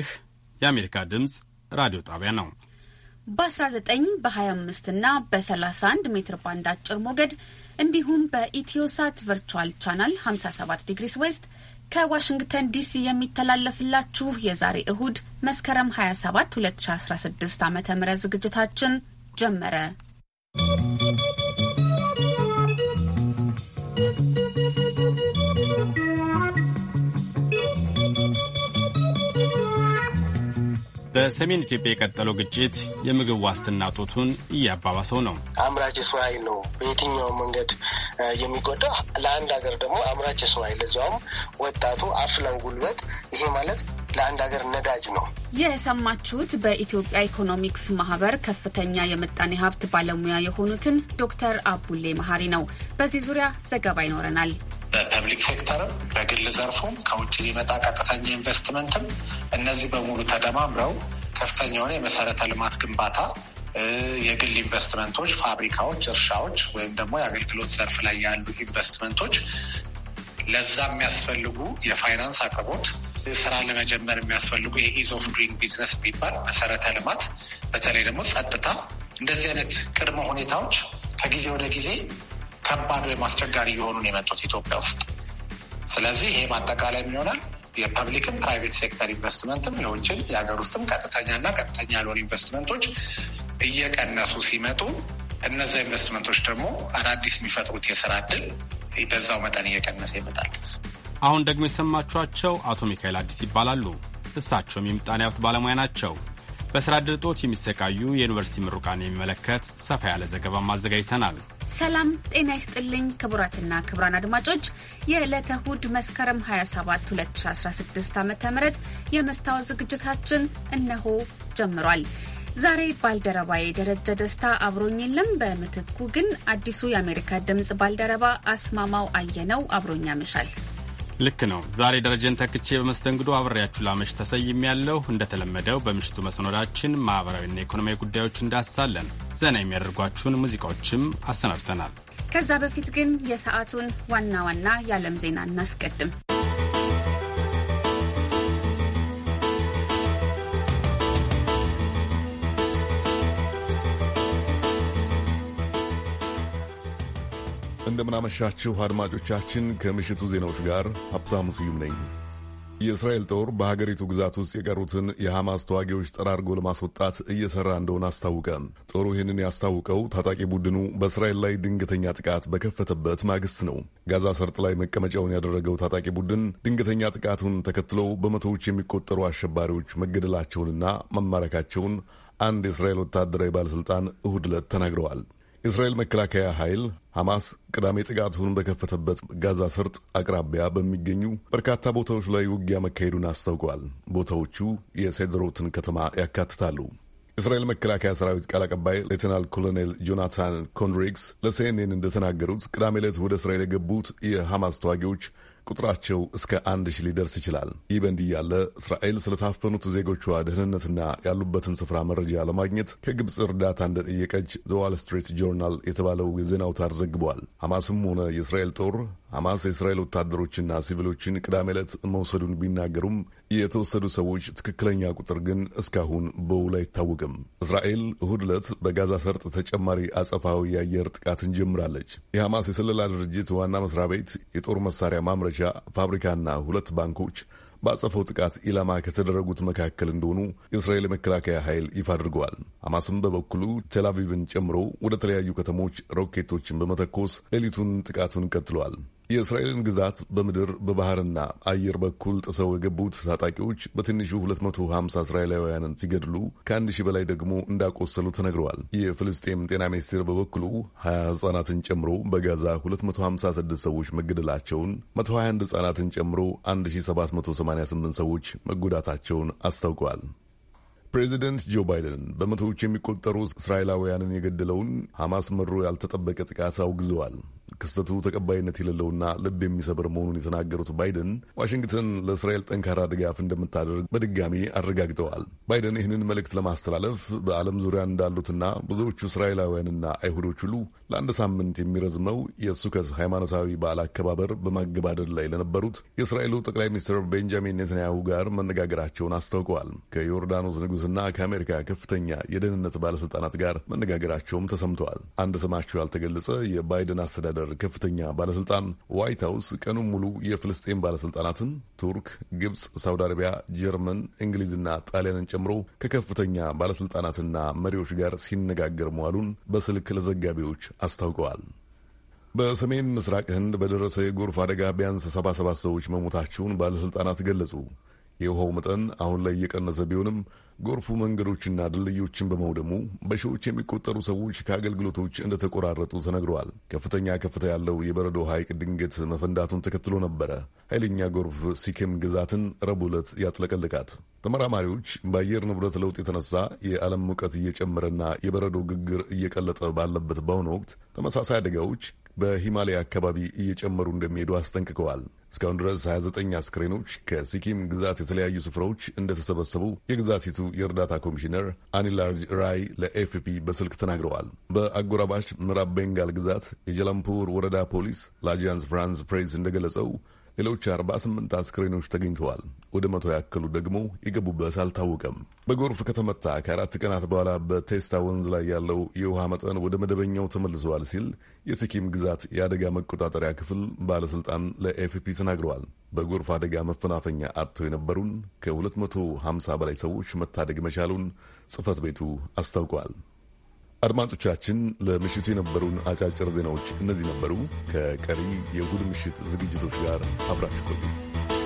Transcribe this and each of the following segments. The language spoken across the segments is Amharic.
ይህ የአሜሪካ ድምፅ ራዲዮ ጣቢያ ነው። በ19 በ25 እና በ31 ሜትር ባንድ አጭር ሞገድ እንዲሁም በኢትዮሳት ቨርቹዋል ቻናል 57 ዲግሪስ ዌስት ከዋሽንግተን ዲሲ የሚተላለፍላችሁ የዛሬ እሁድ መስከረም 27 2016 ዓ ም ዝግጅታችን ጀመረ። በሰሜን ኢትዮጵያ የቀጠለው ግጭት የምግብ ዋስትና ጦቱን እያባባሰው ነው። አምራች የሰው ኃይል ነው በየትኛው መንገድ የሚጎዳው። ለአንድ ሀገር ደግሞ አምራች የሰው ኃይል እዚያውም ወጣቱ አፍለው ጉልበት፣ ይሄ ማለት ለአንድ ሀገር ነዳጅ ነው። የሰማችሁት በኢትዮጵያ ኢኮኖሚክስ ማህበር ከፍተኛ የምጣኔ ሀብት ባለሙያ የሆኑትን ዶክተር አቡሌ መሀሪ ነው። በዚህ ዙሪያ ዘገባ ይኖረናል። በፐብሊክ ሴክተርም በግል ዘርፉም ከውጭ ሊመጣ ቀጥተኛ ኢንቨስትመንትም እነዚህ በሙሉ ተደማምረው ከፍተኛ የሆነ የመሰረተ ልማት ግንባታ፣ የግል ኢንቨስትመንቶች፣ ፋብሪካዎች፣ እርሻዎች ወይም ደግሞ የአገልግሎት ዘርፍ ላይ ያሉ ኢንቨስትመንቶች ለዛ የሚያስፈልጉ የፋይናንስ አቅርቦት ስራ ለመጀመር የሚያስፈልጉ የኢዝ ኦፍ ዱይንግ ቢዝነስ የሚባል መሰረተ ልማት፣ በተለይ ደግሞ ጸጥታ፣ እንደዚህ አይነት ቅድመ ሁኔታዎች ከጊዜ ወደ ጊዜ ከባድ ወይም አስቸጋሪ እየሆኑ ነው የመጡት ኢትዮጵያ ውስጥ። ስለዚህ ይሄ ማጠቃለያ ይሆናል። የፐብሊክም ፕራይቬት ሴክተር ኢንቨስትመንትም የውጭም የሀገር ውስጥም ቀጥተኛና ቀጥተኛ ያልሆን ኢንቨስትመንቶች እየቀነሱ ሲመጡ እነዚያ ኢንቨስትመንቶች ደግሞ አዳዲስ የሚፈጥሩት የስራ እድል በዛው መጠን እየቀነሰ ይመጣል። አሁን ደግሞ የሰማችኋቸው አቶ ሚካኤል አዲስ ይባላሉ። እሳቸውም የምጣኔ ሀብት ባለሙያ ናቸው። በስራ ድርጦት የሚሰቃዩ የዩኒቨርሲቲ ምሩቃን የሚመለከት ሰፋ ያለ ዘገባም አዘጋጅተናል። ሰላም ጤና ይስጥልኝ ክቡራትና ክቡራን አድማጮች የዕለተ እሁድ መስከረም 27 2016 ዓ ም የመስታወት ዝግጅታችን እነሆ ጀምሯል። ዛሬ ባልደረባዬ ደረጀ ደስታ አብሮኝ የለም። በምትኩ ግን አዲሱ የአሜሪካ ድምፅ ባልደረባ አስማማው አየነው አብሮኝ ያመሻል። ልክ ነው። ዛሬ ደረጀን ተክቼ በመስተንግዶ አብሬያችሁ ላመሽ ተሰይም ያለው እንደተለመደው በምሽቱ መሰኖዳችን ማኅበራዊና ኢኮኖሚያዊ ጉዳዮች እንዳሳለን ዘና የሚያደርጓችሁን ሙዚቃዎችም አሰናድተናል። ከዛ በፊት ግን የሰዓቱን ዋና ዋና የዓለም ዜና እናስቀድም። እንደምናመሻችሁ አድማጮቻችን፣ ከምሽቱ ዜናዎች ጋር ሀብታሙ ስዩም ነኝ። የእስራኤል ጦር በሀገሪቱ ግዛት ውስጥ የቀሩትን የሐማስ ተዋጊዎች ጠራርጎ ለማስወጣት እየሰራ እንደሆነ አስታወቀ። ጦሩ ይህንን ያስታውቀው ታጣቂ ቡድኑ በእስራኤል ላይ ድንገተኛ ጥቃት በከፈተበት ማግስት ነው። ጋዛ ሰርጥ ላይ መቀመጫውን ያደረገው ታጣቂ ቡድን ድንገተኛ ጥቃቱን ተከትለው በመቶዎች የሚቆጠሩ አሸባሪዎች መገደላቸውንና መማረካቸውን አንድ የእስራኤል ወታደራዊ ባለሥልጣን እሁድ ዕለት ተናግረዋል። የእስራኤል መከላከያ ኃይል ሐማስ ቅዳሜ ጥቃቱን በከፈተበት ጋዛ ሰርጥ አቅራቢያ በሚገኙ በርካታ ቦታዎች ላይ ውጊያ መካሄዱን አስታውቀዋል። ቦታዎቹ የሴደሮትን ከተማ ያካትታሉ። የእስራኤል መከላከያ ሰራዊት ቃል አቀባይ ሌተናል ኮሎኔል ጆናታን ኮንድሪግስ ለሲኤንኤን እንደተናገሩት ቅዳሜ ዕለት ወደ እስራኤል የገቡት የሐማስ ተዋጊዎች ቁጥራቸው እስከ አንድ ሺህ ሊደርስ ይችላል። ይህ በእንዲህ እያለ እስራኤል ስለታፈኑት ዜጎቿ ደህንነትና ያሉበትን ስፍራ መረጃ ለማግኘት ከግብፅ እርዳታ እንደጠየቀች ዘዋል ስትሪት ጆርናል የተባለው የዜና አውታር ዘግቧል። ሐማስም ሆነ የእስራኤል ጦር ሐማስ የእስራኤል ወታደሮችና ሲቪሎችን ቅዳሜ ዕለት መውሰዱን ቢናገሩም የተወሰዱ ሰዎች ትክክለኛ ቁጥር ግን እስካሁን በውል አይታወቅም። እስራኤል እሁድ ዕለት በጋዛ ሰርጥ ተጨማሪ አጸፋዊ የአየር ጥቃትን ጀምራለች። የሐማስ የስለላ ድርጅት ዋና መስሪያ ቤት የጦር መሳሪያ ማምረቻ ፋብሪካና ሁለት ባንኮች ባጸፈው ጥቃት ኢላማ ከተደረጉት መካከል እንደሆኑ የእስራኤል የመከላከያ ኃይል ይፋ አድርገዋል። ሐማስም በበኩሉ ቴላቪቭን ጨምሮ ወደ ተለያዩ ከተሞች ሮኬቶችን በመተኮስ ሌሊቱን ጥቃቱን ቀጥሏል። የእስራኤልን ግዛት በምድር በባህርና አየር በኩል ጥሰው የገቡት ታጣቂዎች በትንሹ 250 እስራኤላውያንን ሲገድሉ ከ1000 በላይ ደግሞ እንዳቆሰሉ ተነግረዋል። የፍልስጤም ጤና ሚኒስቴር በበኩሉ 20 ሕጻናትን ጨምሮ በጋዛ 256 ሰዎች መገደላቸውን፣ 121 ሕጻናትን ጨምሮ 1788 ሰዎች መጎዳታቸውን አስታውቀዋል። ፕሬዚደንት ጆ ባይደን በመቶዎች የሚቆጠሩ እስራኤላውያንን የገደለውን ሐማስ መሮ ያልተጠበቀ ጥቃት አውግዘዋል። ክስተቱ ተቀባይነት የሌለውና ልብ የሚሰብር መሆኑን የተናገሩት ባይደን ዋሽንግተን ለእስራኤል ጠንካራ ድጋፍ እንደምታደርግ በድጋሚ አረጋግጠዋል። ባይደን ይህንን መልእክት ለማስተላለፍ በዓለም ዙሪያ እንዳሉትና ብዙዎቹ እስራኤላውያንና አይሁዶች ሁሉ ለአንድ ሳምንት የሚረዝመው የሱከስ ሃይማኖታዊ በዓል አከባበር በማገባደድ ላይ ለነበሩት የእስራኤሉ ጠቅላይ ሚኒስትር ቤንጃሚን ኔትንያሁ ጋር መነጋገራቸውን አስታውቀዋል። ከዮርዳኖስ ንጉሥና ከአሜሪካ ከፍተኛ የደህንነት ባለሥልጣናት ጋር መነጋገራቸውም ተሰምተዋል። አንድ ስማቸው ያልተገለጸ የባይደን አስተዳደር ከፍተኛ ባለሥልጣን ዋይት ሀውስ ቀኑን ሙሉ የፍልስጤን ባለሥልጣናትን ቱርክ፣ ግብፅ፣ ሳውዲ አረቢያ፣ ጀርመን፣ እንግሊዝና ጣሊያንን ጨምሮ ከከፍተኛ ባለሥልጣናትና መሪዎች ጋር ሲነጋገር መዋሉን በስልክ ለዘጋቢዎች አስታውቀዋል። በሰሜን ምስራቅ ህንድ በደረሰ የጎርፍ አደጋ ቢያንስ 77 ሰዎች መሞታቸውን ባለሥልጣናት ገለጹ። የውሃው መጠን አሁን ላይ እየቀነሰ ቢሆንም ጎርፉ መንገዶችና ድልድዮችን በመውደሙ በሺዎች የሚቆጠሩ ሰዎች ከአገልግሎቶች እንደተቆራረጡ ተነግረዋል። ከፍተኛ ከፍታ ያለው የበረዶ ሐይቅ ድንገት መፈንዳቱን ተከትሎ ነበረ ኃይለኛ ጎርፍ ሲክም ግዛትን ረቡዕ ዕለት ያጥለቀልቃት። ተመራማሪዎች በአየር ንብረት ለውጥ የተነሳ የዓለም ሙቀት እየጨመረና የበረዶ ግግር እየቀለጠ ባለበት በአሁኑ ወቅት ተመሳሳይ አደጋዎች በሂማሊያ አካባቢ እየጨመሩ እንደሚሄዱ አስጠንቅቀዋል። እስካሁን ድረስ 29 አስክሬኖች ከሲኪም ግዛት የተለያዩ ስፍራዎች እንደተሰበሰቡ የግዛቲቱ የእርዳታ ኮሚሽነር አኒላ ራይ ለኤፍፒ በስልክ ተናግረዋል። በአጎራባች ምዕራብ ቤንጋል ግዛት የጀላምፑር ወረዳ ፖሊስ ለአጃንስ ፍራንስ ፕሬስ እንደገለጸው ሌሎች 48 አስክሬኖች ተገኝተዋል። ወደ መቶ ያክሉ ደግሞ የገቡበት አልታወቀም። በጎርፍ ከተመታ ከአራት ቀናት በኋላ በቴስታ ወንዝ ላይ ያለው የውሃ መጠን ወደ መደበኛው ተመልሰዋል ሲል የሲኪም ግዛት የአደጋ መቆጣጠሪያ ክፍል ባለሥልጣን ለኤፍፒ ተናግረዋል። በጎርፍ አደጋ መፈናፈኛ አጥተው የነበሩን ከ250 በላይ ሰዎች መታደግ መቻሉን ጽህፈት ቤቱ አስታውቀዋል። አድማጮቻችን፣ ለምሽቱ የነበሩን አጫጭር ዜናዎች እነዚህ ነበሩ። ከቀሪ የእሁድ ምሽት ዝግጅቶች ጋር አብራችሁ ቆዩ።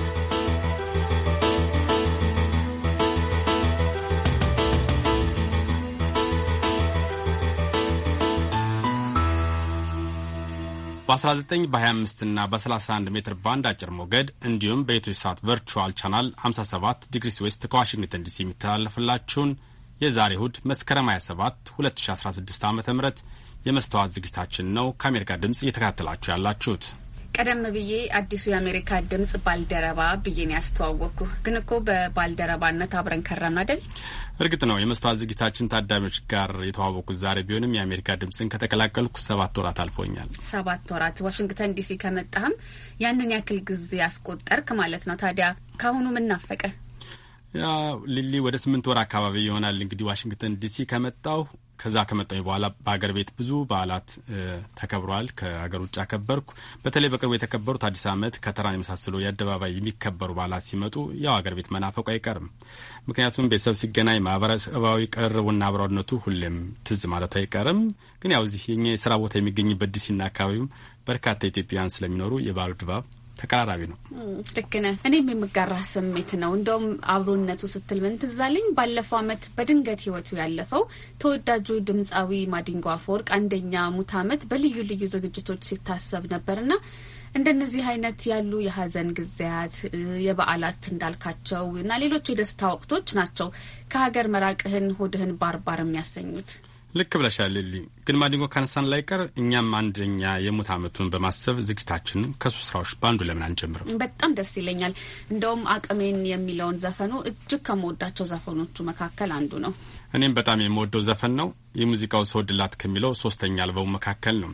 በ19 በ25 እና በ31 ሜትር ባንድ አጭር ሞገድ እንዲሁም በኢትዮ ሳት ቨርቹዋል ቻናል 57 ዲግሪ ዌስት ከዋሽንግተን ዲሲ የሚተላለፍላችሁን የዛሬ እሁድ መስከረም 27 2016 ዓ ም የመስተዋት ዝግጅታችን ነው ከአሜሪካ ድምፅ እየተከታተላችሁ ያላችሁት። ቀደም ብዬ አዲሱ የአሜሪካ ድምጽ ባልደረባ ብዬን ያስተዋወቅኩ፣ ግን እኮ በባልደረባነት አብረን ከረም አደል? እርግጥ ነው የመስታወት ዝግጅታችን ታዳሚዎች ጋር የተዋወቁት ዛሬ ቢሆንም የአሜሪካ ድምጽን ከተቀላቀልኩ ሰባት ወራት አልፎኛል። ሰባት ወራት ዋሽንግተን ዲሲ ከመጣህም ያንን ያክል ጊዜ ያስቆጠርክ ማለት ነው። ታዲያ ከአሁኑ ምን ናፈቀ? ያ ሊሊ፣ ወደ ስምንት ወር አካባቢ ይሆናል እንግዲህ ዋሽንግተን ዲሲ ከመጣሁ ከዛ ከመጣኝ በኋላ በሀገር ቤት ብዙ በዓላት ተከብረዋል። ከሀገር ውጭ አከበርኩ። በተለይ በቅርቡ የተከበሩት አዲስ ዓመት፣ ከተራን የመሳሰሉ የአደባባይ የሚከበሩ በዓላት ሲመጡ ያው ሀገር ቤት መናፈቁ አይቀርም። ምክንያቱም ቤተሰብ ሲገናኝ ማህበረሰባዊ ቅርርቡና አብሮነቱ ሁሌም ትዝ ማለቱ አይቀርም። ግን ያው እዚህ የኛ የስራ ቦታ የሚገኝበት ዲሲና አካባቢውም በርካታ ኢትዮጵያውያን ስለሚኖሩ የበዓሉ ድባብ ተቀራራቢ ነው። ልክ ነህ። እኔም የምጋራ ስሜት ነው። እንደውም አብሮነቱ ስትል ምን ትዝ አለኝ። ባለፈው አመት በድንገት ህይወቱ ያለፈው ተወዳጁ ድምፃዊ ማዲንጎ አፈወርቅ አንደኛ ሙት ዓመት በልዩ ልዩ ዝግጅቶች ሲታሰብ ነበርና እንደነዚህ አይነት ያሉ የሀዘን ጊዜያት፣ የበዓላት እንዳልካቸው እና ሌሎች የደስታ ወቅቶች ናቸው ከሀገር መራቅህን ሆድህን ባርባር የሚያሰኙት። ልክ ብለሻል ሊሊ ግን ማዲንጎ ካነሳን ላይ ቀር እኛም አንደኛ የሙት ዓመቱን በማሰብ ዝግጅታችን ከሱ ስራዎች በአንዱ ለምን አንጀምርም? በጣም ደስ ይለኛል። እንደውም አቅሜን የሚለውን ዘፈኑ እጅግ ከምወዳቸው ዘፈኖቹ መካከል አንዱ ነው። እኔም በጣም የምወደው ዘፈን ነው። የሙዚቃው ሰው ድላት ከሚለው ሶስተኛ አልበው መካከል ነው።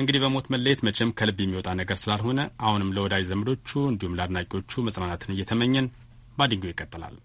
እንግዲህ በሞት መለየት መቼም ከልብ የሚወጣ ነገር ስላልሆነ አሁንም ለወዳጅ ዘመዶቹ እንዲሁም ለአድናቂዎቹ መጽናናትን እየተመኘን ማዲንጎ ይቀጥላል።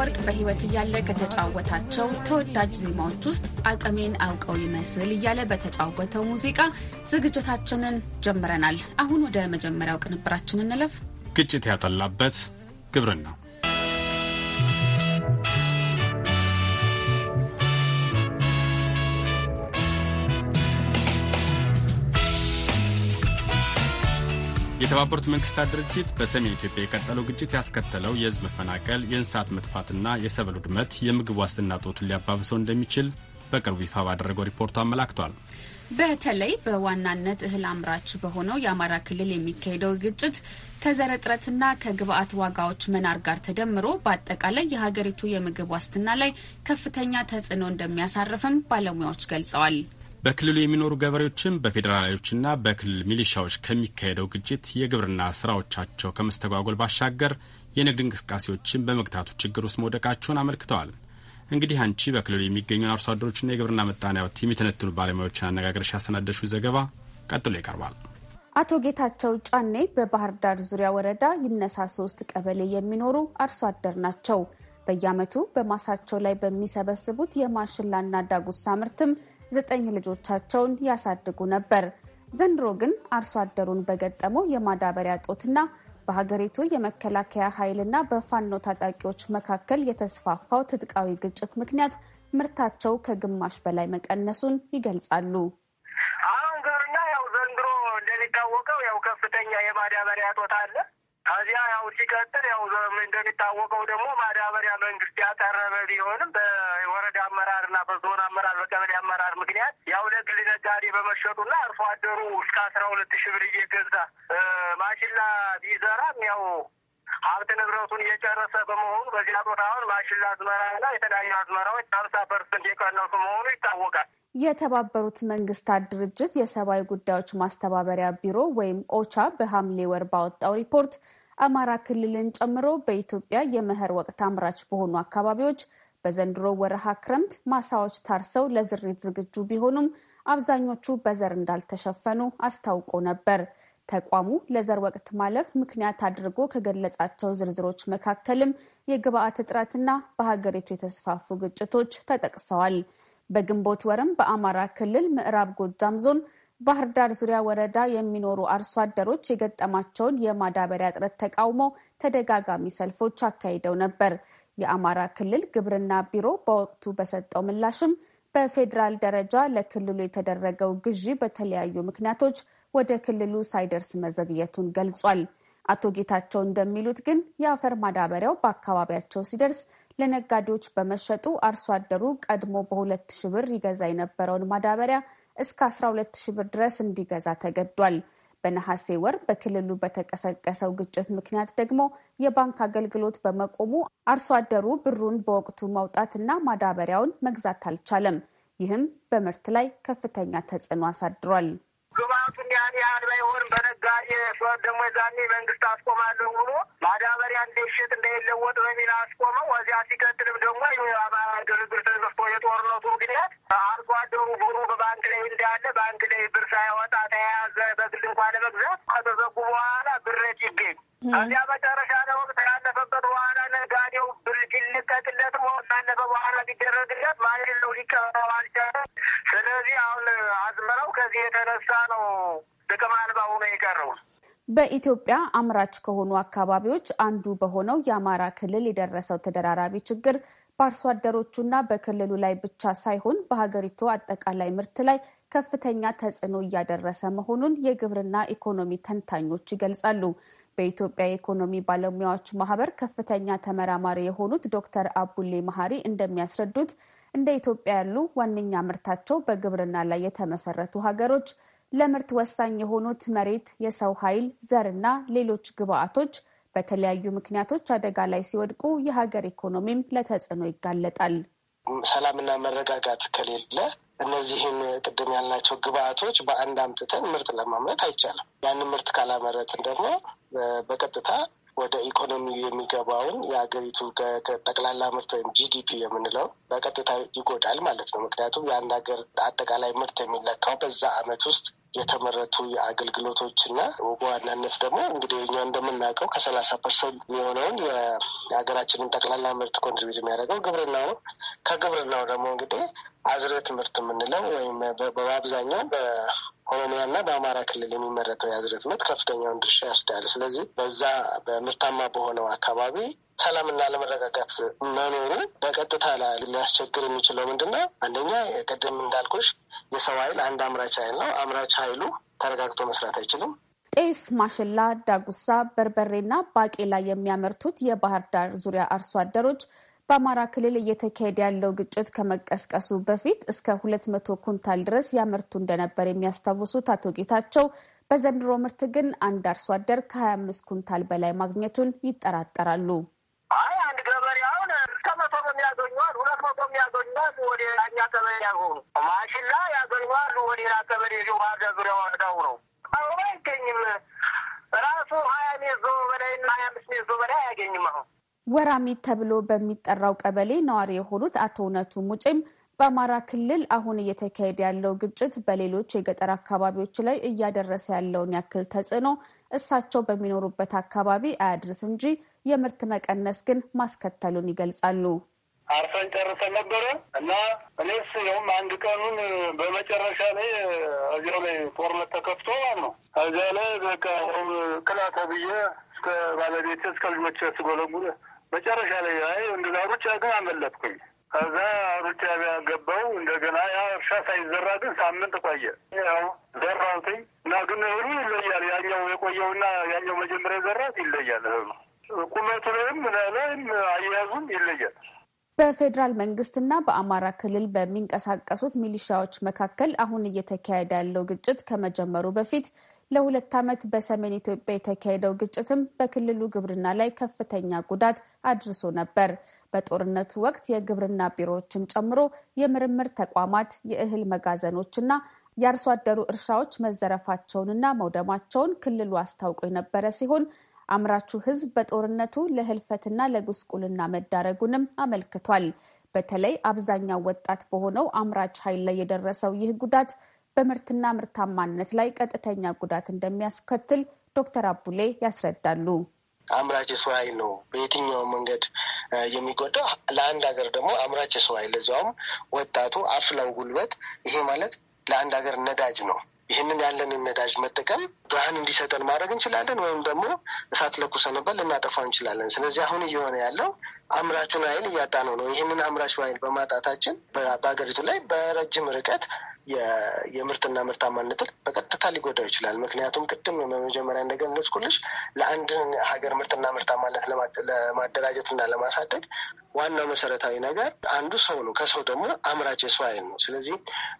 አፈወርቅ በህይወት እያለ ከተጫወታቸው ተወዳጅ ዜማዎች ውስጥ አቅሜን አውቀው ይመስል እያለ በተጫወተው ሙዚቃ ዝግጅታችንን ጀምረናል። አሁን ወደ መጀመሪያው ቅንብራችን እንለፍ። ግጭት ያጠላበት ግብርና የተባበሩት መንግስታት ድርጅት በሰሜን ኢትዮጵያ የቀጠለው ግጭት ያስከተለው የህዝብ መፈናቀል፣ የእንስሳት መጥፋትና የሰብል ውድመት የምግብ ዋስትና እጦቱን ሊያባብሰው እንደሚችል በቅርቡ ይፋ ባደረገው ሪፖርቱ አመላክቷል። በተለይ በዋናነት እህል አምራች በሆነው የአማራ ክልል የሚካሄደው ግጭት ከዘር እጥረትና ከግብአት ዋጋዎች መናር ጋር ተደምሮ በአጠቃላይ የሀገሪቱ የምግብ ዋስትና ላይ ከፍተኛ ተጽዕኖ እንደሚያሳርፍም ባለሙያዎች ገልጸዋል። በክልሉ የሚኖሩ ገበሬዎችም በፌዴራሎችና በክልል ሚሊሻዎች ከሚካሄደው ግጭት የግብርና ስራዎቻቸው ከመስተጓጎል ባሻገር የንግድ እንቅስቃሴዎችን በመግታቱ ችግር ውስጥ መውደቃቸውን አመልክተዋል። እንግዲህ አንቺ በክልሉ የሚገኙ አርሶ አደሮችና የግብርና ምጣኔ ሀብት የሚተነትኑ ባለሙያዎችን አነጋገርሽ ያሰናደሹ ዘገባ ቀጥሎ ይቀርባል። አቶ ጌታቸው ጫኔ በባህር ዳር ዙሪያ ወረዳ ይነሳ ሶስት ቀበሌ የሚኖሩ አርሶ አደር ናቸው። በየዓመቱ በማሳቸው ላይ በሚሰበስቡት የማሽላና ዳጉሳ ምርትም ዘጠኝ ልጆቻቸውን ያሳድጉ ነበር። ዘንድሮ ግን አርሶ አደሩን በገጠመው የማዳበሪያ እጦትና በሀገሪቱ የመከላከያ ኃይልና በፋኖ ታጣቂዎች መካከል የተስፋፋው ትጥቃዊ ግጭት ምክንያት ምርታቸው ከግማሽ በላይ መቀነሱን ይገልጻሉ። አሁን ግብርና ያው ዘንድሮ እንደሚታወቀው ያው ከፍተኛ የማዳበሪያ እጦት አለ። ከዚያ ያው ሲቀጥል ያው እንደሚታወቀው ደግሞ ማዳበሪያ መንግስት ያቀረበ ቢሆንም በወረዳ አመራር እና በዞን አመራር በቀበሌ አመራር ምክንያት ያው ለግል ነጋዴ በመሸጡና አርሶ አደሩ እስከ አስራ ሁለት ሺህ ብር እየገዛ ማሽላ ቢዘራም ያው ሀብት ንብረቱን እየጨረሰ በመሆኑ በዚያ ቦታ አሁን ማሽላ አዝመራና የተለያዩ አዝመራዎች ሀምሳ ፐርሰንት የቀነሱ መሆኑ ይታወቃል። የተባበሩት መንግስታት ድርጅት የሰብአዊ ጉዳዮች ማስተባበሪያ ቢሮ ወይም ኦቻ በሐምሌ ወር ባወጣው ሪፖርት አማራ ክልልን ጨምሮ በኢትዮጵያ የመኸር ወቅት አምራች በሆኑ አካባቢዎች በዘንድሮ ወረሃ ክረምት ማሳዎች ታርሰው ለዝሪት ዝግጁ ቢሆኑም አብዛኞቹ በዘር እንዳልተሸፈኑ አስታውቆ ነበር። ተቋሙ ለዘር ወቅት ማለፍ ምክንያት አድርጎ ከገለጻቸው ዝርዝሮች መካከልም የግብአት እጥረትና በሀገሪቱ የተስፋፉ ግጭቶች ተጠቅሰዋል። በግንቦት ወርም በአማራ ክልል ምዕራብ ጎጃም ዞን ባህር ዳር ዙሪያ ወረዳ የሚኖሩ አርሶ አደሮች የገጠማቸውን የማዳበሪያ እጥረት ተቃውሞ ተደጋጋሚ ሰልፎች አካሂደው ነበር። የአማራ ክልል ግብርና ቢሮ በወቅቱ በሰጠው ምላሽም በፌዴራል ደረጃ ለክልሉ የተደረገው ግዢ በተለያዩ ምክንያቶች ወደ ክልሉ ሳይደርስ መዘግየቱን ገልጿል። አቶ ጌታቸው እንደሚሉት ግን የአፈር ማዳበሪያው በአካባቢያቸው ሲደርስ ለነጋዴዎች በመሸጡ አርሶ አደሩ ቀድሞ በሁለት ሺህ ብር ይገዛ የነበረውን ማዳበሪያ እስከ 12 ብር ድረስ እንዲገዛ ተገዷል። በነሐሴ ወር በክልሉ በተቀሰቀሰው ግጭት ምክንያት ደግሞ የባንክ አገልግሎት በመቆሙ አርሶ አደሩ ብሩን በወቅቱ ማውጣትና ማዳበሪያውን መግዛት አልቻለም። ይህም በምርት ላይ ከፍተኛ ተጽዕኖ አሳድሯል። ራሱን ያን ያህል ባይሆን በነጋዴ ሾር ደግሞ የዛኔ መንግስት አስቆማለሁ ብሎ ማዳበሪያ እንዳይሸጥ እንደሌለወጥ በሚል አስቆመው። ወዚያ ሲቀጥልም ደግሞ የአማራ ግርግር ተዘፍቶ የጦርነቱ ምክንያት አርሶ አደሩ ሆኖ በባንክ ላይ እንዳለ ባንክ ላይ ብር ሳያወጣ ተያያዘ። በግል እንኳን ለመግዛት ከተዘጉ በኋላ ብረት ይገኝ ከዚያ መጨረሻ ደግሞ ከተላለፈበት በኋላ ነጋዴው ብር ሊለቀቅለት ማለፈ በኋላ ሊደረግለት ማለት ነው ሊቀበለው አልቻለ። ስለዚህ አሁን አዝመራው ከዚህ የተነሳ ነው ጥቅም አልባ ሆኖ የቀረው። በኢትዮጵያ አምራች ከሆኑ አካባቢዎች አንዱ በሆነው የአማራ ክልል የደረሰው ተደራራቢ ችግር በአርሶ አደሮቹና በክልሉ ላይ ብቻ ሳይሆን በሀገሪቱ አጠቃላይ ምርት ላይ ከፍተኛ ተጽዕኖ እያደረሰ መሆኑን የግብርና ኢኮኖሚ ተንታኞች ይገልጻሉ። በኢትዮጵያ የኢኮኖሚ ባለሙያዎች ማህበር ከፍተኛ ተመራማሪ የሆኑት ዶክተር አቡሌ መሀሪ እንደሚያስረዱት እንደ ኢትዮጵያ ያሉ ዋነኛ ምርታቸው በግብርና ላይ የተመሰረቱ ሀገሮች ለምርት ወሳኝ የሆኑት መሬት፣ የሰው ኃይል፣ ዘርና ሌሎች ግብአቶች በተለያዩ ምክንያቶች አደጋ ላይ ሲወድቁ የሀገር ኢኮኖሚም ለተጽዕኖ ይጋለጣል። ሰላምና መረጋጋት ከሌለ እነዚህን ቅድም ያልናቸው ግብአቶች በአንድ አምጥተን ምርት ለማምረት አይቻልም። ያንን ምርት ካላመረትን ደግሞ በቀጥታ ወደ ኢኮኖሚው የሚገባውን የሀገሪቱ ጠቅላላ ምርት ወይም ጂዲፒ የምንለው በቀጥታ ይጎዳል ማለት ነው። ምክንያቱም የአንድ ሀገር አጠቃላይ ምርት የሚለካው በዛ አመት ውስጥ የተመረቱ የአገልግሎቶች እና በዋናነት ደግሞ እንግዲህ እኛ እንደምናውቀው ከሰላሳ ፐርሰንት የሚሆነውን የሀገራችንን ጠቅላላ ምርት ኮንትሪቢዩት የሚያደርገው ግብርናው ነው። ከግብርናው ደግሞ እንግዲህ አዝሬ ትምህርት የምንለው ወይም በአብዛኛው በኦሮሚያ እና በአማራ ክልል የሚመረተው የአዝሬ ትምህርት ከፍተኛውን ድርሻ ያስዳል። ስለዚህ በዛ በምርታማ በሆነው አካባቢ ሰላምና አለመረጋጋት መኖሩ በቀጥታ ሊያስቸግር የሚችለው ምንድን ነው? አንደኛ ቅድም እንዳልኩሽ የሰው ኃይል አንድ አምራች ኃይል ነው። አምራች ኃይሉ ተረጋግቶ መስራት አይችልም። ጤፍ፣ ማሽላ፣ ዳጉሳ፣ በርበሬና ባቄላ የሚያመርቱት የባህር ዳር ዙሪያ አርሶ አደሮች በአማራ ክልል እየተካሄደ ያለው ግጭት ከመቀስቀሱ በፊት እስከ ሁለት መቶ ኩንታል ድረስ ያመርቱ እንደነበር የሚያስታውሱት አቶ ጌታቸው በዘንድሮ ምርት ግን አንድ አርሶ አደር ከሀያ አምስት ኩንታል በላይ ማግኘቱን ይጠራጠራሉ። አይ አንድ ገበሬ አሁን እስከ መቶ የሚያገኟል፣ ሁለት መቶ የሚያገኟል፣ ወደ እኛ ገበሬ ያልሆኑ ማሽላ ያገኟል፣ ወደ ሌላ ቀበሌ ዚ ባህርዳር ዙሪያ ዋርዳው ነው። አሁን አይገኝም። ራሱ ሀያ ሜዞ በላይና ሀያ አምስት ሜዞ በላይ አያገኝም አሁን ወራሚ ተብሎ በሚጠራው ቀበሌ ነዋሪ የሆኑት አቶ እውነቱ ሙጭም በአማራ ክልል አሁን እየተካሄደ ያለው ግጭት በሌሎች የገጠር አካባቢዎች ላይ እያደረሰ ያለውን ያክል ተጽዕኖ እሳቸው በሚኖሩበት አካባቢ አያድርስ እንጂ የምርት መቀነስ ግን ማስከተሉን ይገልጻሉ። አርሰን ጨርሰን ነበረ እና እኔስ ይኸውም አንድ ቀኑን በመጨረሻ ላይ እዚያው ላይ ጦርነት ተከፍቶ ማለት ነው። እዚያ ላይ በቃ ቅላ ተብዬ እስከ ባለቤት እስከ ልጆች ስጎለጉለ መጨረሻ ላይ አይ እንደዛ ሩጫ ግን አመለጥኩኝ። ከዛ ሩጫ ገባው እንደገና ያ እርሻ ሳይዘራ ግን ሳምንት ቆየ። ያው ዘራሁትኝ እና ግን እህሉ ይለያል። ያኛው የቆየውና ያኛው መጀመሪያ ዘራት ይለያል። እህሉ ቁመቱ ላይም ላይም አያያዙም ይለያል። በፌዴራል መንግስትና በአማራ ክልል በሚንቀሳቀሱት ሚሊሻዎች መካከል አሁን እየተካሄደ ያለው ግጭት ከመጀመሩ በፊት ለሁለት ዓመት በሰሜን ኢትዮጵያ የተካሄደው ግጭትም በክልሉ ግብርና ላይ ከፍተኛ ጉዳት አድርሶ ነበር። በጦርነቱ ወቅት የግብርና ቢሮዎችን ጨምሮ የምርምር ተቋማት፣ የእህል መጋዘኖችና የአርሶ አደሩ እርሻዎች መዘረፋቸውንና መውደማቸውን ክልሉ አስታውቆ የነበረ ሲሆን አምራቹ ሕዝብ በጦርነቱ ለህልፈትና ለጉስቁልና መዳረጉንም አመልክቷል። በተለይ አብዛኛው ወጣት በሆነው አምራች ኃይል ላይ የደረሰው ይህ ጉዳት በምርትና ምርታማነት ላይ ቀጥተኛ ጉዳት እንደሚያስከትል ዶክተር አቡሌ ያስረዳሉ። አምራች የሰው ኃይል ነው በየትኛው መንገድ የሚጎዳው። ለአንድ ሀገር ደግሞ አምራች የሰው ኃይል እዚያውም ወጣቱ አፍላው ጉልበት፣ ይሄ ማለት ለአንድ ሀገር ነዳጅ ነው። ይህንን ያለንን ነዳጅ መጠቀም ብርሃን እንዲሰጠን ማድረግ እንችላለን፣ ወይም ደግሞ እሳት ለኩሰን ልናጠፋው እንችላለን። ስለዚህ አሁን እየሆነ ያለው አምራችን ኃይል እያጣነው ነው። ይህንን አምራች ኃይል በማጣታችን በሀገሪቱ ላይ በረጅም ርቀት የምርትና ምርታማነትን በቀጥታ ሊጎዳው ይችላል። ምክንያቱም ቅድም በመጀመሪያ እንደገለጽኩልሽ ለአንድ ሀገር ምርትና ምርታማነት ለማደራጀት እና ለማሳደግ ዋናው መሰረታዊ ነገር አንዱ ሰው ነው። ከሰው ደግሞ አምራች የሰው ኃይል ነው። ስለዚህ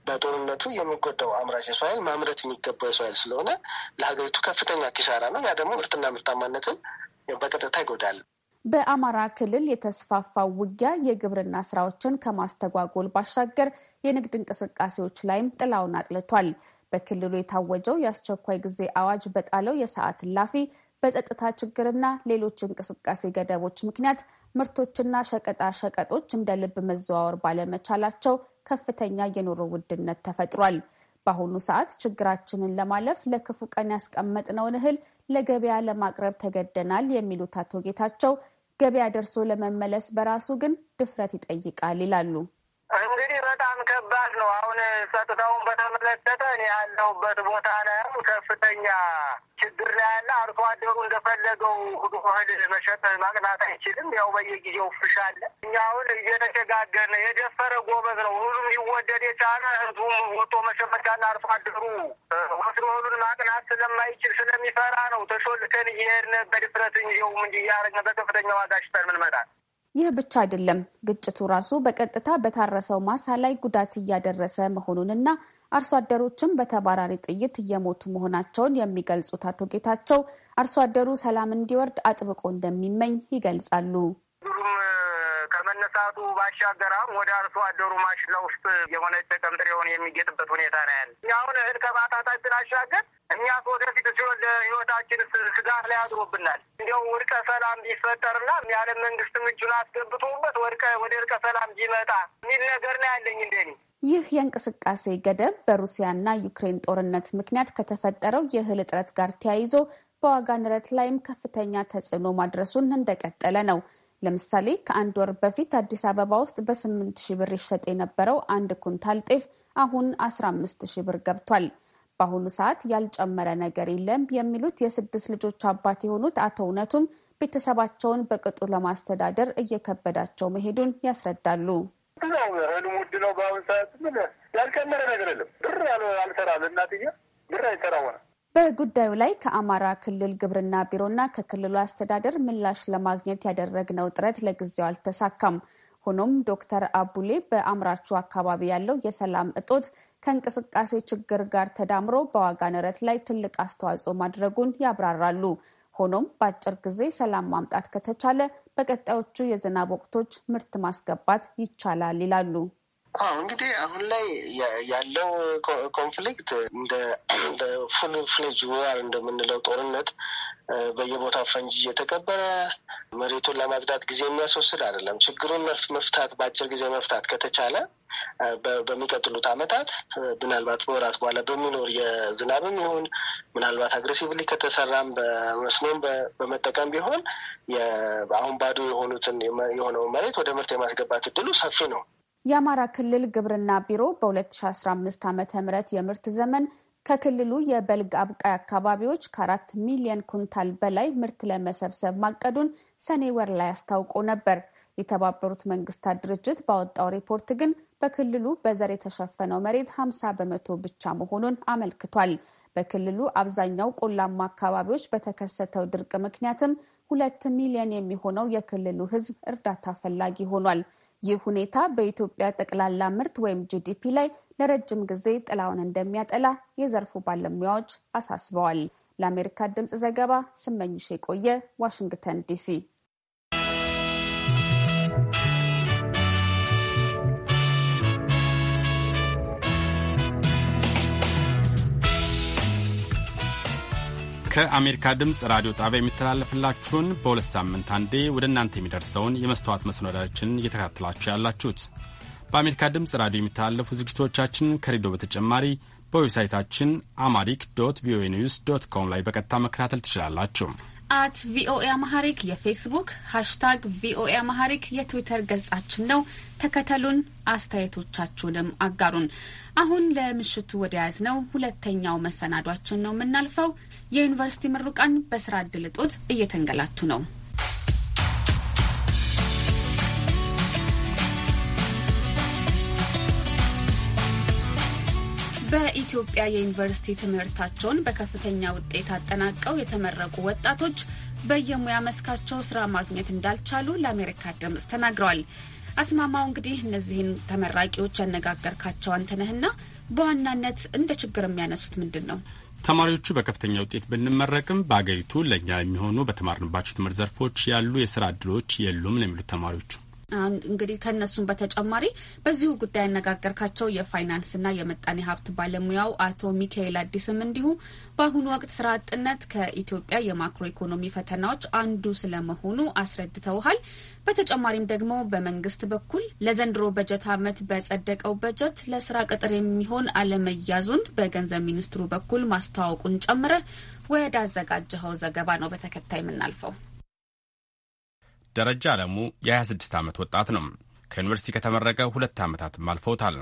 በጦርነቱ የሚጎዳው አምራች የሰው ኃይል ማምረት የሚገባው የሰው ኃይል ስለሆነ ለሀገሪቱ ከፍተኛ ኪሳራ ነው። ያ ደግሞ ምርትና ምርታማነትን በቀጥታ ይጎዳል። በአማራ ክልል የተስፋፋው ውጊያ የግብርና ስራዎችን ከማስተጓጎል ባሻገር የንግድ እንቅስቃሴዎች ላይም ጥላውን አጥልቷል። በክልሉ የታወጀው የአስቸኳይ ጊዜ አዋጅ በጣለው የሰዓት እላፊ በጸጥታ ችግርና ሌሎች እንቅስቃሴ ገደቦች ምክንያት ምርቶችና ሸቀጣ ሸቀጦች እንደ ልብ መዘዋወር ባለመቻላቸው ከፍተኛ የኑሮ ውድነት ተፈጥሯል። በአሁኑ ሰዓት ችግራችንን ለማለፍ ለክፉ ቀን ያስቀመጥነውን እህል ለገበያ ለማቅረብ ተገደናል የሚሉት አቶ ጌታቸው ገበያ ደርሶ ለመመለስ በራሱ ግን ድፍረት ይጠይቃል ይላሉ። ነው። አሁን ጸጥታውን በተመለከተ እኔ ያለሁበት ቦታ ነው ከፍተኛ ችግር ላይ ያለ አርሶ አደሩ እንደፈለገው ሁዱ እህል መሸጥ ማቅናት አይችልም። ያው በየጊዜው ፍሽ አለ። እኛ አሁን እየተሸጋገርን የደፈረ ጎበዝ ነው። ሁሉም ሊወደድ የቻለ ህዝቡም ወጦ መሸመቻና አርሶ አደሩ ወስዶ እህሉን ማቅናት ስለማይችል ስለሚፈራ ነው። ተሾልከን እየሄድን በድፍረት እንዲሁም እንዲያረግን በከፍተኛ ዋጋ ሽጠን ምንመጣል ይህ ብቻ አይደለም፣ ግጭቱ ራሱ በቀጥታ በታረሰው ማሳ ላይ ጉዳት እያደረሰ መሆኑንና አርሶ አደሮችም በተባራሪ ጥይት እየሞቱ መሆናቸውን የሚገልጹት አቶ ጌታቸው አርሶ አደሩ ሰላም እንዲወርድ አጥብቆ እንደሚመኝ ይገልጻሉ። ሁሉም ከመነሳቱ ባሻገር አሁን ወደ አርሶ አደሩ ማሽላ ውስጥ የሆነ ጥቅም ጥሬውን የሚጌጥበት ሁኔታ ነው ያለ። አሁን እህል ከባታታችን አሻገር እኛ ወደፊት ሲሆን ለህይወታችን ስጋት ላይ አድሮብናል። እንዲያው እርቀ ሰላም ቢፈጠርና የዓለም መንግስትም እጁን አስገብቶበት ወድቀ ወደ እርቀ ሰላም ቢመጣ የሚል ነገር ነው ያለኝ እንደኔ። ይህ የእንቅስቃሴ ገደብ በሩሲያና ዩክሬን ጦርነት ምክንያት ከተፈጠረው የእህል እጥረት ጋር ተያይዞ በዋጋ ንረት ላይም ከፍተኛ ተጽዕኖ ማድረሱን እንደቀጠለ ነው። ለምሳሌ ከአንድ ወር በፊት አዲስ አበባ ውስጥ በስምንት ሺህ ብር ይሸጥ የነበረው አንድ ኩንታል ጤፍ አሁን አስራ አምስት ሺህ ብር ገብቷል። በአሁኑ ሰዓት ያልጨመረ ነገር የለም የሚሉት የስድስት ልጆች አባት የሆኑት አቶ እውነቱም ቤተሰባቸውን በቅጡ ለማስተዳደር እየከበዳቸው መሄዱን ያስረዳሉ። እህሉ ውድ ነው። በአሁኑ ሰዓት ምን ያልጨመረ ነገር የለም። ብር አልሰራም። እናትዬ ብር አይሰራ ሆነ። በጉዳዩ ላይ ከአማራ ክልል ግብርና ቢሮና ከክልሉ አስተዳደር ምላሽ ለማግኘት ያደረግነው ጥረት ለጊዜው አልተሳካም። ሆኖም ዶክተር አቡሌ በአምራቹ አካባቢ ያለው የሰላም እጦት ከእንቅስቃሴ ችግር ጋር ተዳምሮ በዋጋ ንረት ላይ ትልቅ አስተዋጽኦ ማድረጉን ያብራራሉ። ሆኖም በአጭር ጊዜ ሰላም ማምጣት ከተቻለ በቀጣዮቹ የዝናብ ወቅቶች ምርት ማስገባት ይቻላል ይላሉ። አዎ እንግዲህ አሁን ላይ ያለው ኮንፍሊክት እንደ ፉል ፍሌጅ ዋር እንደምንለው ጦርነት በየቦታው ፈንጂ እየተቀበረ መሬቱን ለማጽዳት ጊዜ የሚያስወስድ አይደለም። ችግሩን መፍታት በአጭር ጊዜ መፍታት ከተቻለ በሚቀጥሉት ዓመታት ምናልባት በወራት በኋላ በሚኖር የዝናብም ይሁን ምናልባት አግሬሲቭሊ ከተሰራም በመስኖም በመጠቀም ቢሆን አሁን ባዶ የሆኑትን የሆነውን መሬት ወደ ምርት የማስገባት እድሉ ሰፊ ነው። የአማራ ክልል ግብርና ቢሮ በ2015 ዓ ም የምርት ዘመን ከክልሉ የበልግ አብቃይ አካባቢዎች ከአራት ሚሊየን ኩንታል በላይ ምርት ለመሰብሰብ ማቀዱን ሰኔ ወር ላይ አስታውቆ ነበር። የተባበሩት መንግስታት ድርጅት ባወጣው ሪፖርት ግን በክልሉ በዘር የተሸፈነው መሬት 50 በመቶ ብቻ መሆኑን አመልክቷል። በክልሉ አብዛኛው ቆላማ አካባቢዎች በተከሰተው ድርቅ ምክንያትም ሁለት ሚሊየን የሚሆነው የክልሉ ህዝብ እርዳታ ፈላጊ ሆኗል። ይህ ሁኔታ በኢትዮጵያ ጠቅላላ ምርት ወይም ጂዲፒ ላይ ለረጅም ጊዜ ጥላውን እንደሚያጠላ የዘርፉ ባለሙያዎች አሳስበዋል። ለአሜሪካ ድምፅ ዘገባ ስመኝሽ የቆየ ዋሽንግተን ዲሲ። ከአሜሪካ ድምፅ ራዲዮ ጣቢያ የሚተላለፍላችሁን በሁለት ሳምንት አንዴ ወደ እናንተ የሚደርሰውን የመስተዋት መሰናዷችንን እየተከታተላችሁ ያላችሁት በአሜሪካ ድምፅ ራዲዮ የሚተላለፉ ዝግጅቶቻችን ከሬዲዮ በተጨማሪ በዌብሳይታችን አማሪክ ዶት ቪኦኤ ኒውስ ዶት ኮም ላይ በቀጥታ መከታተል ትችላላችሁ። አት ቪኦኤ አማሐሪክ የፌስቡክ ሃሽታግ ቪኦኤ አማሐሪክ የትዊተር ገጻችን ነው። ተከተሉን፣ አስተያየቶቻችሁንም አጋሩን። አሁን ለምሽቱ ወደ ያዝ ነው ሁለተኛው መሰናዷችን ነው የምናልፈው። የዩኒቨርሲቲ ምሩቃን በስራ እድል እጦት እየተንገላቱ ነው። በኢትዮጵያ የዩኒቨርሲቲ ትምህርታቸውን በከፍተኛ ውጤት አጠናቀው የተመረቁ ወጣቶች በየሙያ መስካቸው ስራ ማግኘት እንዳልቻሉ ለአሜሪካ ድምፅ ተናግረዋል። አስማማው እንግዲህ እነዚህን ተመራቂዎች ያነጋገርካቸው አንተነህና በዋናነት እንደ ችግር የሚያነሱት ምንድን ነው? ተማሪዎቹ በከፍተኛ ውጤት ብንመረቅም በአገሪቱ ለእኛ የሚሆኑ በተማርንባቸው ትምህርት ዘርፎች ያሉ የስራ እድሎች የሉም ነው የሚሉት ተማሪዎቹ። እንግዲህ ከእነሱም በተጨማሪ በዚሁ ጉዳይ ያነጋገርካቸው የፋይናንስና የመጣኔ ሀብት ባለሙያው አቶ ሚካኤል አዲስም እንዲሁ በአሁኑ ወቅት ስራ አጥነት ከኢትዮጵያ የማክሮ ኢኮኖሚ ፈተናዎች አንዱ ስለመሆኑ አስረድተውሃል። በተጨማሪም ደግሞ በመንግስት በኩል ለዘንድሮ በጀት ዓመት በጸደቀው በጀት ለስራ ቅጥር የሚሆን አለመያዙን በገንዘብ ሚኒስትሩ በኩል ማስተዋወቁን ጨምረ ወደ አዘጋጀኸው ዘገባ ነው በተከታይ የምናልፈው። ደረጃ ዓለሙ የ26 ዓመት ወጣት ነው። ከዩኒቨርሲቲ ከተመረቀ ሁለት ዓመታትም አልፈውታል።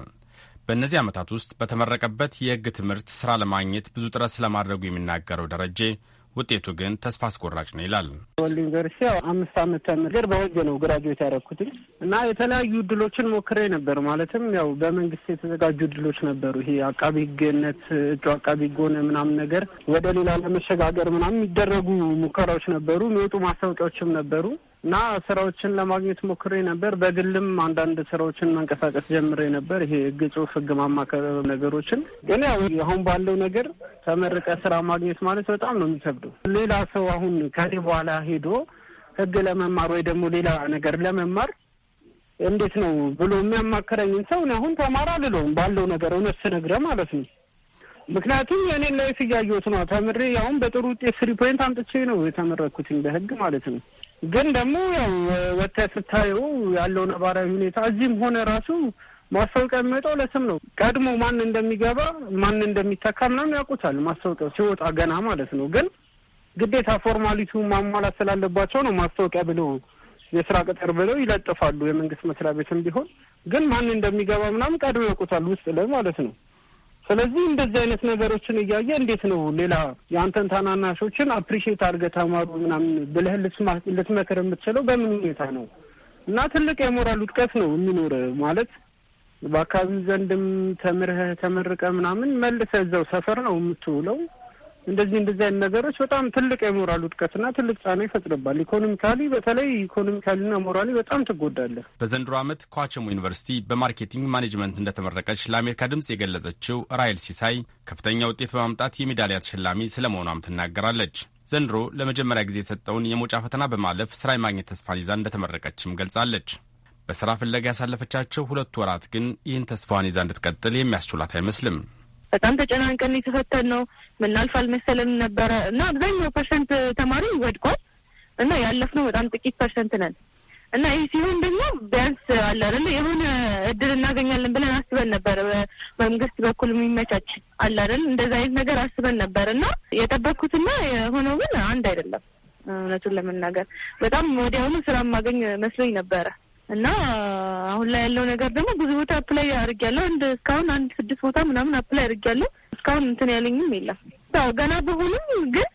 በእነዚህ ዓመታት ውስጥ በተመረቀበት የሕግ ትምህርት ሥራ ለማግኘት ብዙ ጥረት ስለማድረጉ የሚናገረው ደረጀ ውጤቱ ግን ተስፋ አስቆራጭ ነው ይላል። ወልድ ዩኒቨርሲቲ ያው አምስት ዓመት ተምር በወጀ ነው ግራጁዌት ያደረኩትኝ እና የተለያዩ እድሎችን ሞክሬ ነበር። ማለትም ያው በመንግስት የተዘጋጁ እድሎች ነበሩ። ይሄ አቃቢ ህግነት እጩ አቃቢ ህግ ሆነ ምናምን ነገር ወደ ሌላ ለመሸጋገር ምናምን የሚደረጉ ሙከራዎች ነበሩ። የሚወጡ ማስታወቂያዎችም ነበሩ። እና ስራዎችን ለማግኘት ሞክሬ ነበር። በግልም አንዳንድ ስራዎችን መንቀሳቀስ ጀምሬ ነበር። ይሄ ህግ ጽሁፍ፣ ህግ ማማከር ነገሮችን ግን ያው አሁን ባለው ነገር ተመርቀ ስራ ማግኘት ማለት በጣም ነው የሚከብደው። ሌላ ሰው አሁን ከዚህ በኋላ ሄዶ ህግ ለመማር ወይ ደግሞ ሌላ ነገር ለመማር እንዴት ነው ብሎ የሚያማክረኝን ሰው አሁን ተማር አልለውም ባለው ነገር እውነት ስነግረህ ማለት ነው። ምክንያቱም የእኔን ላይፍ እያየሁት ነው። ተምሬ ያሁን በጥሩ ውጤት ስሪ ፖይንት አምጥቼ ነው የተመረኩትኝ በህግ ማለት ነው። ግን ደግሞ ያው ወጥተህ ስታየው ያለው ነባራዊ ሁኔታ እዚህም ሆነ ራሱ ማስታወቂያ የሚወጣው ለስም ነው። ቀድሞ ማን እንደሚገባ ማን እንደሚተካ ምናምን ያውቁታል። ማስታወቂያው ሲወጣ ገና ማለት ነው። ግን ግዴታ ፎርማሊቱ ማሟላት ስላለባቸው ነው ማስታወቂያ ብለው የስራ ቅጥር ብለው ይለጥፋሉ። የመንግስት መስሪያ ቤትም ቢሆን ግን ማን እንደሚገባ ምናምን ቀድሞ ያውቁታል ውስጥ ላይ ማለት ነው። ስለዚህ እንደዚህ አይነት ነገሮችን እያየ እንዴት ነው ሌላ የአንተን ታናናሾችን አፕሪሺየት አድርገህ ተማሩ ምናምን ብለህ ልትመክር የምትችለው በምን ሁኔታ ነው? እና ትልቅ የሞራል ውድቀት ነው የሚኖር ማለት በአካባቢው ዘንድም ተምርህ ተመርቀ ምናምን መልሰህ እዛው ሰፈር ነው የምትውለው። እንደዚህ እንደዚህ አይነት ነገሮች በጣም ትልቅ የሞራል ውድቀትና ትልቅ ጫና ይፈጥርባል። ኢኮኖሚካሊ በተለይ ኢኮኖሚካሊና ሞራሊ በጣም ትጎዳለህ። በዘንድሮ ዓመት ከዋቸሞ ዩኒቨርሲቲ በማርኬቲንግ ማኔጅመንት እንደተመረቀች ለአሜሪካ ድምፅ የገለጸችው ራይል ሲሳይ ከፍተኛ ውጤት በማምጣት የሜዳሊያ ተሸላሚ ስለመሆኗም ትናገራለች። ዘንድሮ ለመጀመሪያ ጊዜ የተሰጠውን የመውጫ ፈተና በማለፍ ስራ የማግኘት ተስፋን ይዛ እንደተመረቀችም ገልጻለች። በስራ ፍለጋ ያሳለፈቻቸው ሁለቱ ወራት ግን ይህን ተስፋዋን ይዛ እንድትቀጥል የሚያስችላት አይመስልም። በጣም ተጨናንቀን የተፈተን ነው። ምናልፍ አልመሰለን ነበረ እና አብዛኛው ፐርሰንት ተማሪ ወድቋል እና ያለፍነው በጣም ጥቂት ፐርሰንት ነን እና ይህ ሲሆን ደግሞ ቢያንስ አለ አይደለ የሆነ እድል እናገኛለን ብለን አስበን ነበር በመንግስት በኩል የሚመቻች አለ አይደል እንደዚ አይነት ነገር አስበን ነበር እና የጠበኩትና የሆነው ግን አንድ አይደለም። እውነቱን ለመናገር በጣም ወዲያውኑ ስራ ማገኝ መስሎኝ ነበረ። እና አሁን ላይ ያለው ነገር ደግሞ ብዙ ቦታ አፕላይ አድርጊያለሁ። አንድ እስካሁን አንድ ስድስት ቦታ ምናምን አፕላይ አድርጊያለሁ። እስካሁን እንትን ያለኝም የለም። ያው ገና በሆኑም ግን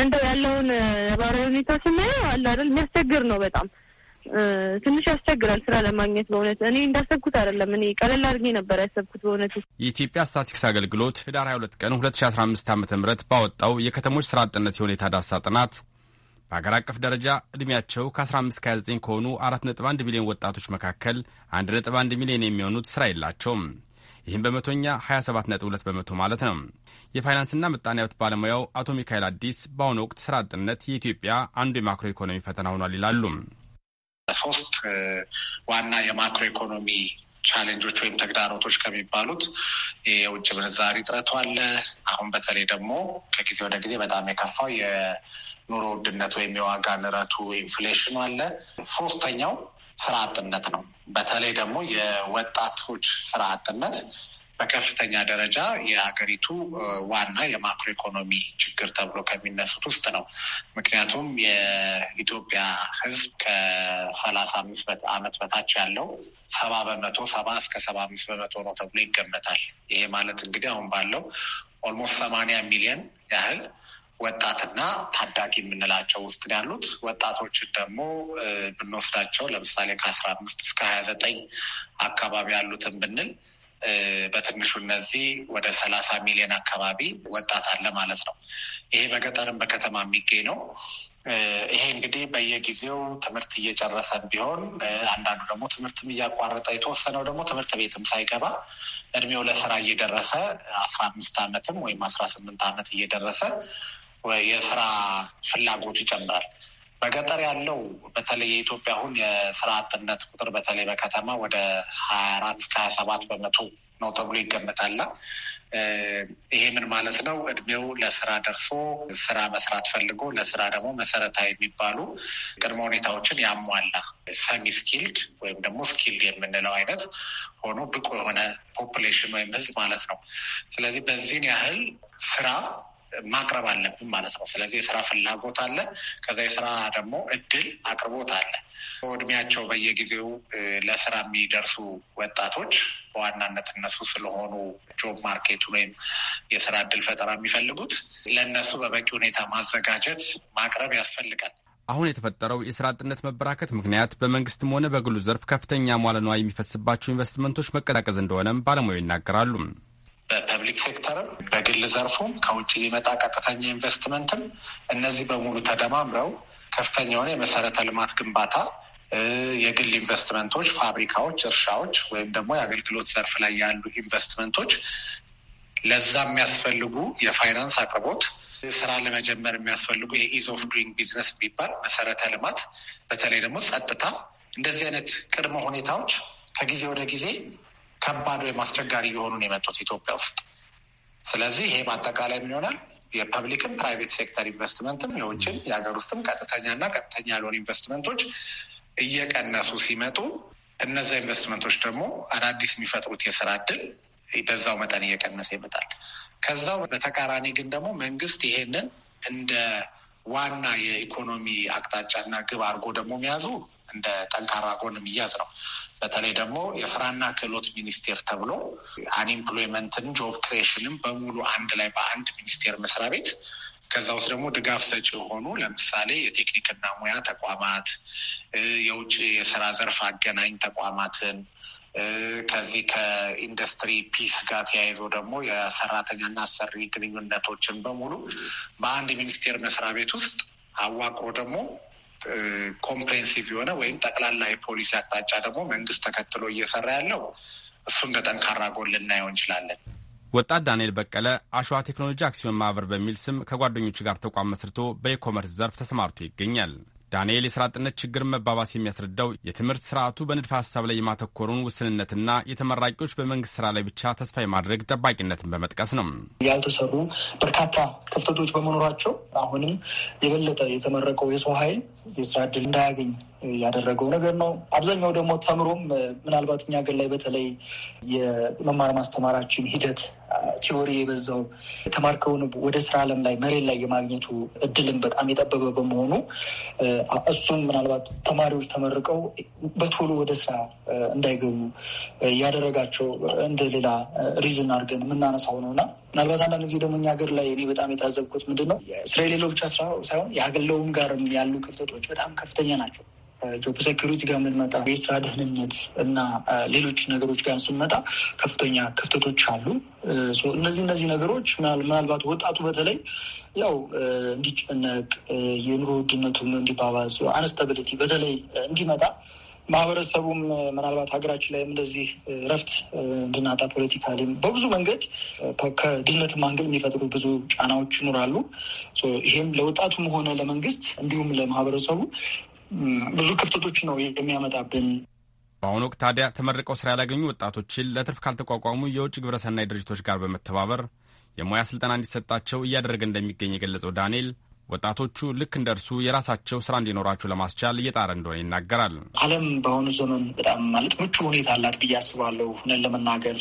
እንደው ያለውን ነባራዊ ሁኔታ ስናየው አለ አይደል የሚያስቸግር ነው በጣም ትንሽ ያስቸግራል ስራ ለማግኘት በእውነት እኔ እንዳሰብኩት አይደለም። እኔ ቀለል አድርጌ ነበር ያሰብኩት በእውነቱ። የኢትዮጵያ ስታቲክስ አገልግሎት ህዳር ሀያ ሁለት ቀን ሁለት ሺ አስራ አምስት ዓ ም ባወጣው የከተሞች ስራ አጥነት የሁኔታ ዳሳ ጥናት በአገር አቀፍ ደረጃ ዕድሜያቸው ከ15-29 ከሆኑ 4.1 ቢሊዮን ወጣቶች መካከል 1.1 ሚሊዮን የሚሆኑት ሥራ የላቸውም። ይህም በመቶኛ 27.2 በመቶ ማለት ነው። የፋይናንስና ምጣኔ ሀብት ባለሙያው አቶ ሚካኤል አዲስ በአሁኑ ወቅት ሥራ አጥነት የኢትዮጵያ አንዱ የማክሮ ኢኮኖሚ ፈተና ሆኗል ይላሉ። ሶስት ዋና የማክሮ ኢኮኖሚ ቻሌንጆች ወይም ተግዳሮቶች ከሚባሉት የውጭ ምንዛሪ እጥረቱ አለ። አሁን በተለይ ደግሞ ከጊዜ ወደ ጊዜ በጣም የከፋው የኑሮ ውድነት ወይም የዋጋ ንረቱ ኢንፍሌሽኑ አለ። ሶስተኛው ስራ አጥነት ነው። በተለይ ደግሞ የወጣቶች ስራ አጥነት በከፍተኛ ደረጃ የሀገሪቱ ዋና የማክሮ ኢኮኖሚ ችግር ተብሎ ከሚነሱት ውስጥ ነው። ምክንያቱም የኢትዮጵያ ሕዝብ ከሰላሳ አምስት ዓመት በታች ያለው ሰባ በመቶ ሰባ እስከ ሰባ አምስት በመቶ ነው ተብሎ ይገመታል። ይሄ ማለት እንግዲህ አሁን ባለው ኦልሞስት ሰማንያ ሚሊዮን ያህል ወጣትና ታዳጊ የምንላቸው ውስጥ ያሉት ወጣቶችን ደግሞ ብንወስዳቸው ለምሳሌ ከአስራ አምስት እስከ ሀያ ዘጠኝ አካባቢ ያሉትን ብንል በትንሹ እነዚህ ወደ ሰላሳ ሚሊዮን አካባቢ ወጣት አለ ማለት ነው። ይሄ በገጠርም በከተማ የሚገኝ ነው። ይሄ እንግዲህ በየጊዜው ትምህርት እየጨረሰ ቢሆን አንዳንዱ ደግሞ ትምህርትም እያቋረጠ የተወሰነው ደግሞ ትምህርት ቤትም ሳይገባ እድሜው ለስራ እየደረሰ አስራ አምስት ዓመትም ወይም አስራ ስምንት ዓመት እየደረሰ የስራ ፍላጎቱ ይጨምራል። በገጠር ያለው በተለይ የኢትዮጵያ አሁን የስራ አጥነት ቁጥር በተለይ በከተማ ወደ ሀያ አራት እስከ ሀያ ሰባት በመቶ ነው ተብሎ ይገመታል ይሄ ምን ማለት ነው? እድሜው ለስራ ደርሶ ስራ መስራት ፈልጎ ለስራ ደግሞ መሰረታዊ የሚባሉ ቅድመ ሁኔታዎችን ያሟላ ሰሚ ስኪልድ ወይም ደግሞ ስኪልድ የምንለው አይነት ሆኖ ብቁ የሆነ ፖፕሌሽን ወይም ህዝብ ማለት ነው። ስለዚህ በዚህን ያህል ስራ ማቅረብ አለብን ማለት ነው። ስለዚህ የስራ ፍላጎት አለ። ከዛ የስራ ደግሞ እድል አቅርቦት አለ። እድሜያቸው በየጊዜው ለስራ የሚደርሱ ወጣቶች በዋናነት እነሱ ስለሆኑ ጆብ ማርኬቱን ወይም የስራ እድል ፈጠራ የሚፈልጉት ለእነሱ በበቂ ሁኔታ ማዘጋጀት ማቅረብ ያስፈልጋል። አሁን የተፈጠረው የስራ አጥነት መበራከት ምክንያት በመንግስትም ሆነ በግሉ ዘርፍ ከፍተኛ ሟለ ንዋይ የሚፈስባቸው ኢንቨስትመንቶች መቀዛቀዝ እንደሆነም ባለሙያው ይናገራሉ። ለፐብሊክ ሴክተርም ለግል ዘርፉም ከውጭ ሊመጣ ቀጥተኛ ኢንቨስትመንትም እነዚህ በሙሉ ተደማምረው ከፍተኛ የሆነ የመሰረተ ልማት ግንባታ የግል ኢንቨስትመንቶች፣ ፋብሪካዎች፣ እርሻዎች ወይም ደግሞ የአገልግሎት ዘርፍ ላይ ያሉ ኢንቨስትመንቶች ለዛ የሚያስፈልጉ የፋይናንስ አቅርቦት ስራ ለመጀመር የሚያስፈልጉ የኢዝ ኦፍ ዱይንግ ቢዝነስ የሚባል መሰረተ ልማት በተለይ ደግሞ ጸጥታ፣ እንደዚህ አይነት ቅድመ ሁኔታዎች ከጊዜ ወደ ጊዜ ከባድ ወይም አስቸጋሪ እየሆኑ ነው የመጡት ኢትዮጵያ ውስጥ። ስለዚህ ይሄ በአጠቃላይ ምን ይሆናል? የፐብሊክም ፕራይቬት ሴክተር ኢንቨስትመንትም የውጭም የሀገር ውስጥም ቀጥተኛና ቀጥተኛ ያልሆኑ ኢንቨስትመንቶች እየቀነሱ ሲመጡ እነዚያ ኢንቨስትመንቶች ደግሞ አዳዲስ የሚፈጥሩት የስራ እድል በዛው መጠን እየቀነሰ ይመጣል። ከዛው በተቃራኒ ግን ደግሞ መንግስት ይሄንን እንደ ዋና የኢኮኖሚ አቅጣጫና ግብ አድርጎ ደግሞ የሚያዙ እንደ ጠንካራ ጎን የሚያዝ ነው። በተለይ ደግሞ የስራና ክህሎት ሚኒስቴር ተብሎ አንኤምፕሎይመንትን ጆብ ክሬሽንም በሙሉ አንድ ላይ በአንድ ሚኒስቴር መስሪያ ቤት ከዛ ውስጥ ደግሞ ድጋፍ ሰጪ የሆኑ ለምሳሌ የቴክኒክና ሙያ ተቋማት፣ የውጭ የስራ ዘርፍ አገናኝ ተቋማትን ከዚህ ከኢንዱስትሪ ፒስ ጋር ተያይዞ ደግሞ የሰራተኛና አሰሪ ግንኙነቶችን በሙሉ በአንድ ሚኒስቴር መስሪያ ቤት ውስጥ አዋቅሮ ደግሞ ኮምፕሬንሲቭ የሆነ ወይም ጠቅላላ የፖሊሲ አቅጣጫ ደግሞ መንግስት ተከትሎ እየሰራ ያለው እሱ እንደ ጠንካራ ጎን ልናየው እንችላለን። ወጣት ዳንኤል በቀለ አሸዋ ቴክኖሎጂ አክሲዮን ማህበር በሚል ስም ከጓደኞቹ ጋር ተቋም መስርቶ በኢኮመርስ ዘርፍ ተሰማርቶ ይገኛል። ዳንኤል የስራጥነት አጥነት ችግርን መባባስ የሚያስረዳው የትምህርት ስርዓቱ በንድፈ ሀሳብ ላይ የማተኮሩን ውስንነትና የተመራቂዎች በመንግስት ስራ ላይ ብቻ ተስፋ የማድረግ ጠባቂነትን በመጥቀስ ነው። ያልተሰሩ በርካታ ክፍተቶች በመኖራቸው አሁንም የበለጠ የተመረቀው የሰው ኃይል የስራ እድል እንዳያገኝ ያደረገው ነገር ነው። አብዛኛው ደግሞ ተምሮም ምናልባት እኛ ሀገር ላይ በተለይ የመማር ማስተማራችን ሂደት ቲዎሪ የበዛው የተማርከውን ወደ ስራ አለም ላይ መሬት ላይ የማግኘቱ እድልን በጣም የጠበበ በመሆኑ እሱም ምናልባት ተማሪዎች ተመርቀው በቶሎ ወደ ስራ እንዳይገቡ ያደረጋቸው እንደሌላ ሪዝን አድርገን የምናነሳው ነው እና ምናልባት አንዳንድ ጊዜ ደግሞ እኛ ሀገር ላይ እኔ በጣም የታዘብኩት ምንድን ነው ስራ የሌለው ብቻ ስራ ሳይሆን የሀገለውም ጋር ያሉ ክፍተቶች በጣም ከፍተኛ ናቸው። ጆብ ሴኪሪቲ ጋር የምንመጣ የስራ ደህንነት እና ሌሎች ነገሮች ጋር ስንመጣ ከፍተኛ ክፍተቶች አሉ። እነዚህ እነዚህ ነገሮች ምናልባት ወጣቱ በተለይ ያው እንዲጨነቅ የኑሮ ውድነቱም እንዲባባዝ አነስተብሊቲ በተለይ እንዲመጣ ማህበረሰቡም ምናልባት ሀገራችን ላይ እንደዚህ ረፍት እንድናጣ ፖለቲካ በብዙ መንገድ ከድህነት ማንገድ የሚፈጥሩ ብዙ ጫናዎች ይኖራሉ። ይሄም ለወጣቱም ሆነ ለመንግስት እንዲሁም ለማህበረሰቡ ብዙ ክፍተቶች ነው የሚያመጣብን። በአሁኑ ወቅት ታዲያ ተመርቀው ስራ ያላገኙ ወጣቶችን ለትርፍ ካልተቋቋሙ የውጭ ግብረሰናይ ድርጅቶች ጋር በመተባበር የሙያ ስልጠና እንዲሰጣቸው እያደረገ እንደሚገኝ የገለጸው ዳንኤል ወጣቶቹ ልክ እንደ እርሱ የራሳቸው ስራ እንዲኖራቸው ለማስቻል እየጣረ እንደሆነ ይናገራል። ዓለም በአሁኑ ዘመን በጣም ማለት ምቹ ሁኔታ አላት ብዬ አስባለሁ። ነን ለመናገር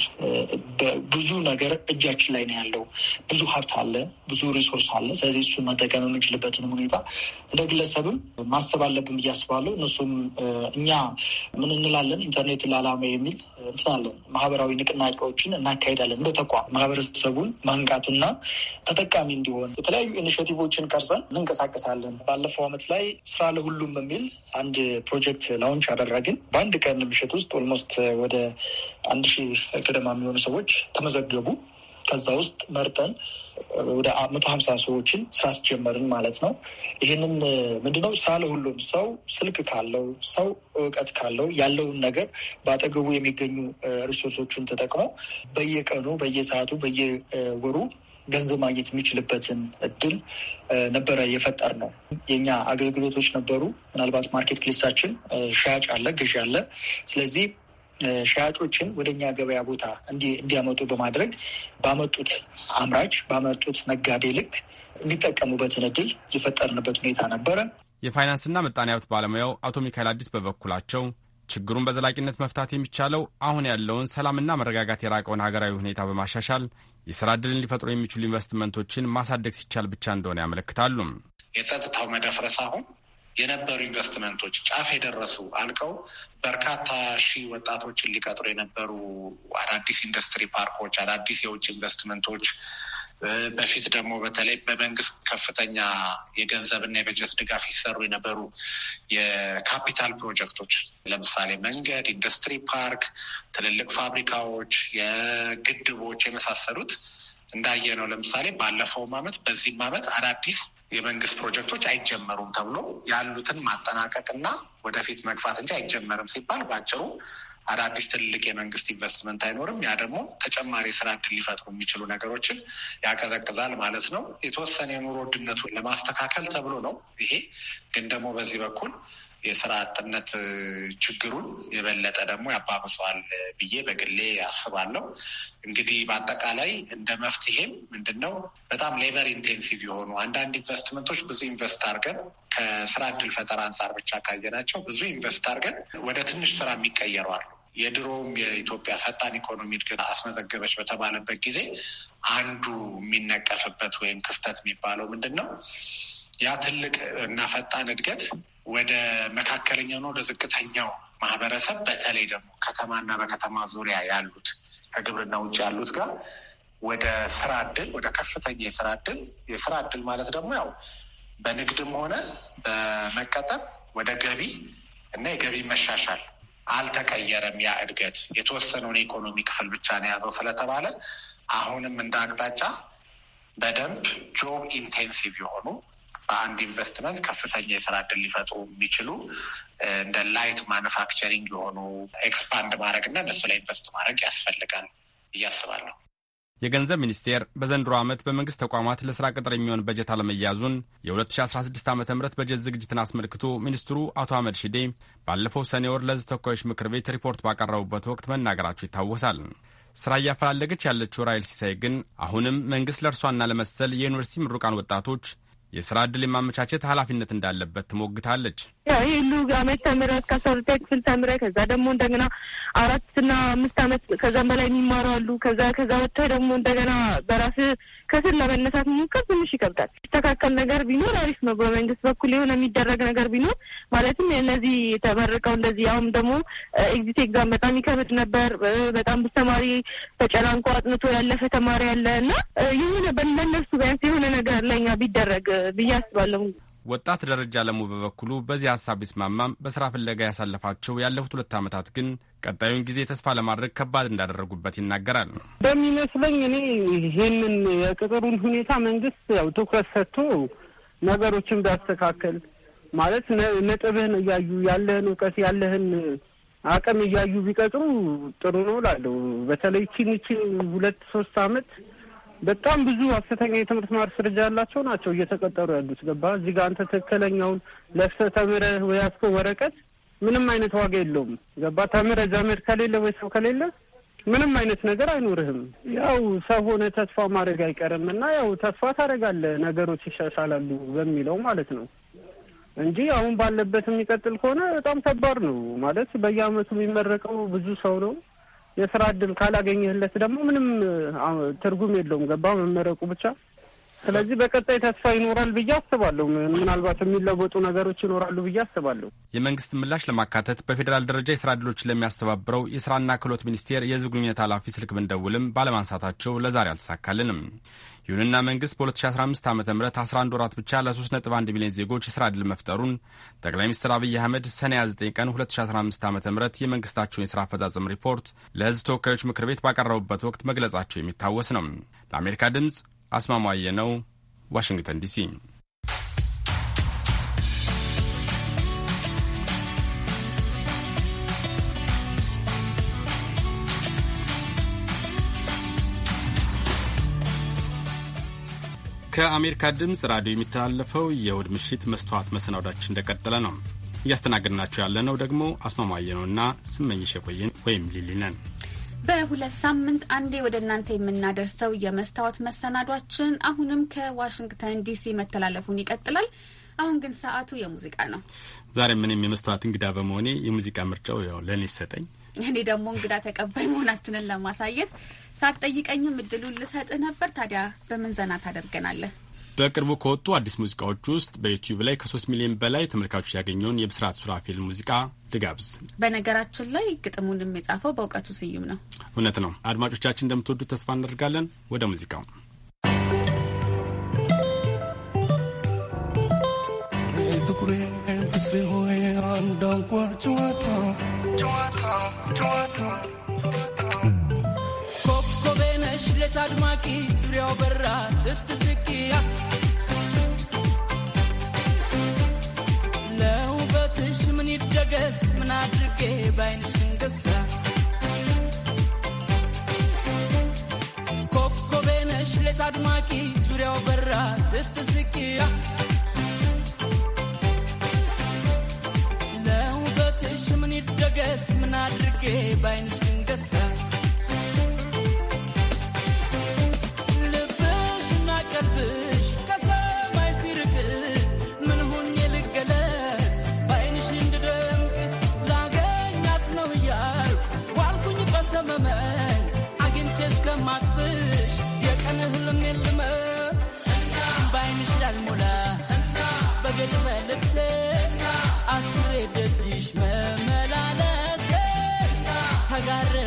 ብዙ ነገር እጃችን ላይ ነው ያለው። ብዙ ሀብት አለ፣ ብዙ ሪሶርስ አለ። ስለዚህ እሱን መጠቀም የምንችልበትን ሁኔታ እንደ ግለሰብም ማሰብ አለብን ብዬ አስባለሁ። እነሱም እኛ ምን እንላለን ኢንተርኔት ለዓላማ የሚል እንትናለን ማህበራዊ ንቅናቄዎችን እናካሄዳለን። እንደ ማህበረሰቡን ማንቃትና ተጠቃሚ እንዲሆን የተለያዩ ኢኒሽቲቮችን ቀርጸን አድርገን እንንቀሳቀሳለን። ባለፈው አመት ላይ ስራ ለሁሉም በሚል አንድ ፕሮጀክት ላውንች አደረግን። በአንድ ቀን ምሽት ውስጥ ኦልሞስት ወደ አንድ ሺህ ገደማ የሚሆኑ ሰዎች ተመዘገቡ። ከዛ ውስጥ መርጠን ወደ መቶ ሀምሳ ሰዎችን ስራ አስጀመርን ማለት ነው። ይህንን ምንድነው ስራ ለሁሉም ሰው ስልክ ካለው ሰው እውቀት ካለው ያለውን ነገር በአጠገቡ የሚገኙ ሪሶርሶቹን ተጠቅሞ በየቀኑ በየሰዓቱ በየወሩ ገንዘብ ማግኘት የሚችልበትን እድል ነበረ የፈጠር ነው። የኛ አገልግሎቶች ነበሩ። ምናልባት ማርኬት ፕሌሳችን ሻያጭ አለ፣ ግዢ አለ። ስለዚህ ሻያጮችን ወደኛ ገበያ ቦታ እንዲያመጡ በማድረግ ባመጡት አምራች ባመጡት ነጋዴ ልክ እንዲጠቀሙበትን እድል የፈጠርንበት ሁኔታ ነበረ። የፋይናንስና ምጣኔ ሀብት ባለሙያው አቶ ሚካኤል አዲስ በበኩላቸው ችግሩን በዘላቂነት መፍታት የሚቻለው አሁን ያለውን ሰላምና መረጋጋት የራቀውን ሀገራዊ ሁኔታ በማሻሻል የሥራ ዕድልን ሊፈጥሩ የሚችሉ ኢንቨስትመንቶችን ማሳደግ ሲቻል ብቻ እንደሆነ ያመለክታሉ። የጸጥታው መደፍረስ አሁን የነበሩ ኢንቨስትመንቶች ጫፍ የደረሱ አልቀው በርካታ ሺህ ወጣቶችን ሊቀጥሩ የነበሩ አዳዲስ ኢንዱስትሪ ፓርኮች፣ አዳዲስ የውጭ ኢንቨስትመንቶች በፊት ደግሞ በተለይ በመንግስት ከፍተኛ የገንዘብና የበጀት ድጋፍ ይሰሩ የነበሩ የካፒታል ፕሮጀክቶች ለምሳሌ መንገድ፣ ኢንዱስትሪ ፓርክ፣ ትልልቅ ፋብሪካዎች፣ የግድቦች የመሳሰሉት እንዳየ ነው። ለምሳሌ ባለፈውም አመት በዚህም ዓመት አዳዲስ የመንግስት ፕሮጀክቶች አይጀመሩም ተብሎ ያሉትን ማጠናቀቅና ወደፊት መግፋት እንጂ አይጀመርም ሲባል በአጭሩ አዳዲስ ትልልቅ የመንግስት ኢንቨስትመንት አይኖርም። ያ ደግሞ ተጨማሪ ስራ እድል ሊፈጥሩ የሚችሉ ነገሮችን ያቀዘቅዛል ማለት ነው። የተወሰነ የኑሮ ውድነቱን ለማስተካከል ተብሎ ነው ይሄ ግን ደግሞ በዚህ በኩል የስራ አጥነት ችግሩን የበለጠ ደግሞ ያባብሰዋል ብዬ በግሌ አስባለሁ። እንግዲህ በአጠቃላይ እንደ መፍትሄም ምንድን ነው በጣም ሌበር ኢንቴንሲቭ የሆኑ አንዳንድ ኢንቨስትመንቶች ብዙ ኢንቨስት አድርገን ከስራ እድል ፈጠራ አንጻር ብቻ ካየናቸው ብዙ ኢንቨስት አድርገን ወደ ትንሽ ስራ የሚቀየሩ አሉ። የድሮውም የኢትዮጵያ ፈጣን ኢኮኖሚ እድገት አስመዘገበች በተባለበት ጊዜ አንዱ የሚነቀፍበት ወይም ክፍተት የሚባለው ምንድን ነው? ያ ትልቅ እና ፈጣን እድገት ወደ መካከለኛውና ወደ ዝቅተኛው ማህበረሰብ በተለይ ደግሞ ከተማና በከተማ ዙሪያ ያሉት ከግብርና ውጭ ያሉት ጋር ወደ ስራ እድል ወደ ከፍተኛ የስራ እድል የስራ እድል ማለት ደግሞ ያው በንግድም ሆነ በመቀጠብ ወደ ገቢ እና የገቢ መሻሻል አልተቀየረም። ያ እድገት የተወሰነውን የኢኮኖሚ ክፍል ብቻ ነው የያዘው ስለተባለ አሁንም እንደ አቅጣጫ በደንብ ጆብ ኢንቴንሲቭ የሆኑ በአንድ ኢንቨስትመንት ከፍተኛ የስራ እድል ሊፈጥሩ የሚችሉ እንደ ላይት ማኑፋክቸሪንግ የሆኑ ኤክስፓንድ ማድረግና እነሱ ላይ ኢንቨስት ማድረግ ያስፈልጋል እያስባለሁ። የገንዘብ ሚኒስቴር በዘንድሮ ዓመት በመንግሥት ተቋማት ለሥራ ቅጥር የሚሆን በጀት አለመያዙን የ2016 ዓ ም በጀት ዝግጅትን አስመልክቶ ሚኒስትሩ አቶ አህመድ ሺዴ ባለፈው ሰኔ ወር ለሕዝብ ተወካዮች ምክር ቤት ሪፖርት ባቀረቡበት ወቅት መናገራቸው ይታወሳል። ሥራ እያፈላለገች ያለችው ራይል ሲሳይ ግን አሁንም መንግሥት ለእርሷና ለመሰል የዩኒቨርሲቲ ምሩቃን ወጣቶች የስራ ዕድል የማመቻቸት ኃላፊነት እንዳለበት ትሞግታለች። ይህ ሁሉ አመት ተምረህ እስከ ክፍል ተምረህ ከዛ ደግሞ እንደገና አራትና አምስት አመት ከዛም በላይ የሚማሩ አሉ። ከዛ ከዛ ወጥተህ ደግሞ እንደገና በራስ ከስር ለመነሳት መሞከር ትንሽ ይከብዳል። የሚስተካከል ነገር ቢኖር አሪፍ ነው። በመንግስት በኩል የሆነ የሚደረግ ነገር ቢኖር ማለትም እነዚህ የተመረቀው እንደዚህ አሁን ደግሞ ኤግዚት ኤግዛም በጣም ይከብድ ነበር። በጣም ብዙ ተማሪ ተጨናንቆ አጥንቶ ያለፈ ተማሪ ያለ እና የሆነ በእነሱ ቢያንስ የሆነ ነገር ለኛ ቢደረግ ብዬ አስባለሁ። ወጣት ደረጃ ለሙ በበኩሉ በዚህ ሀሳብ ቢስማማም በስራ ፍለጋ ያሳለፋቸው ያለፉት ሁለት ዓመታት ግን ቀጣዩን ጊዜ ተስፋ ለማድረግ ከባድ እንዳደረጉበት ይናገራል። በሚመስለኝ እኔ ይህንን የቅጥሩን ሁኔታ መንግስት ያው ትኩረት ሰጥቶ ነገሮችን ቢያስተካከል ማለት ነጥብህን እያዩ ያለህን እውቀት ያለህን አቅም እያዩ ቢቀጥሩ ጥሩ ነው እላለሁ። በተለይ ቺን ቺን ሁለት ሶስት አመት በጣም ብዙ ሀሰተኛ የትምህርት ማስረጃ ያላቸው ናቸው እየተቀጠሩ ያሉት። ገባ እዚህ ጋር አንተ ትክክለኛውን ለፍተህ ተምረ የያዝከው ወረቀት ምንም አይነት ዋጋ የለውም። ገባ ተምረ ዘመድ ከሌለ ወይ ሰው ከሌለ ምንም አይነት ነገር አይኖርህም። ያው ሰው ሆነ ተስፋ ማድረግ አይቀርም እና ያው ተስፋ ታደርጋለህ ነገሮች ይሻሻላሉ በሚለው ማለት ነው እንጂ አሁን ባለበት የሚቀጥል ከሆነ በጣም ከባድ ነው ማለት በየአመቱ የሚመረቀው ብዙ ሰው ነው የስራ እድል ካላገኘህለት ደግሞ ምንም ትርጉም የለውም። ገባ መመረቁ ብቻ። ስለዚህ በቀጣይ ተስፋ ይኖራል ብዬ አስባለሁ። ምናልባት የሚለወጡ ነገሮች ይኖራሉ ብዬ አስባለሁ። የመንግስት ምላሽ ለማካተት በፌዴራል ደረጃ የስራ እድሎችን ለሚያስተባብረው የስራና ክህሎት ሚኒስቴር የህዝብ ግንኙነት ኃላፊ ስልክ ብንደውልም ባለማንሳታቸው ለዛሬ አልተሳካልንም። ይሁንና መንግሥት በ2015 ዓ ም 11 ወራት ብቻ ለ3.1 ሚሊዮን ዜጎች የሥራ ዕድል መፍጠሩን ጠቅላይ ሚኒስትር አብይ አህመድ ሰኔ 29 ቀን 2015 ዓ ም የመንግሥታቸውን የሥራ አፈጻጸም ሪፖርት ለሕዝብ ተወካዮች ምክር ቤት ባቀረቡበት ወቅት መግለጻቸው የሚታወስ ነው። ለአሜሪካ ድምፅ አስማማየ ነው፣ ዋሽንግተን ዲሲ ከአሜሪካ ድምፅ ራዲዮ የሚተላለፈው የእሁድ ምሽት መስተዋት መሰናዶችን እንደቀጠለ ነው። እያስተናገድናቸው ያለነው ደግሞ አስማማየ ነውና ስመኝሽ የቆየን ወይም ሊሊ ነን። በሁለት ሳምንት አንዴ ወደ እናንተ የምናደርሰው የመስታወት መሰናዷችን አሁንም ከዋሽንግተን ዲሲ መተላለፉን ይቀጥላል። አሁን ግን ሰዓቱ የሙዚቃ ነው። ዛሬ ምንም የመስታወት እንግዳ በመሆኔ የሙዚቃ ምርጫው ያው ለእኔ ይሰጠኝ እኔ ደግሞ እንግዳ ተቀባይ መሆናችንን ለማሳየት ሳትጠይቀኝም እድሉን ልሰጥ ነበር። ታዲያ በምን ዘና ታደርገናለህ? በቅርቡ ከወጡ አዲስ ሙዚቃዎች ውስጥ በዩቲዩብ ላይ ከሶስት ሚሊዮን በላይ ተመልካቾች ያገኘውን የብስራት ሱራፌል ሙዚቃ ልጋብዝ። በነገራችን ላይ ግጥሙንም የጻፈው በእውቀቱ ስዩም ነው። እውነት ነው። አድማጮቻችን እንደምትወዱት ተስፋ እናደርጋለን። ወደ ሙዚቃው ትኩሬ ኮኮብ ኮኮቤነሽ ለታድማቂ ዙሪያው በራ ስትስቂያ ለውበትሽ ምን ይደገስ ምን አድርጌ ባይንሽ እንገሳ ኮኮቤነሽ ለታድማቂ ዙሪያው በራ ስትስቂያ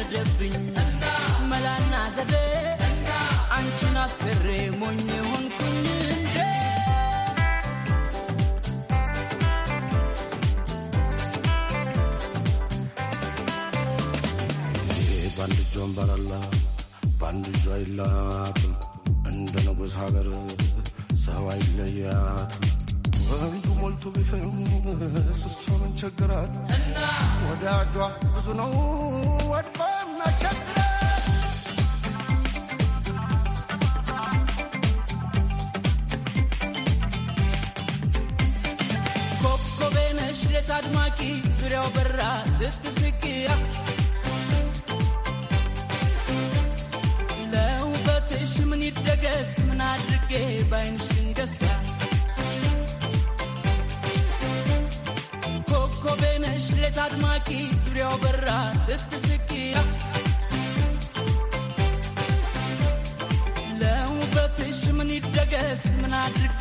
ወረደብኝ መላና ዘዴ አንቺን አፍቅሬ ሞኝ ሆንኩኝ እንዴ ባንድ እጇ አንባላላ ባንድ እጇ አይላትም እንደ ንጉሥ ሀገር ሰው አይለያትም በብዙ ሞልቶ ቢፈም ስሷ ምን ቸገራት ወዳጇ ብዙ ነው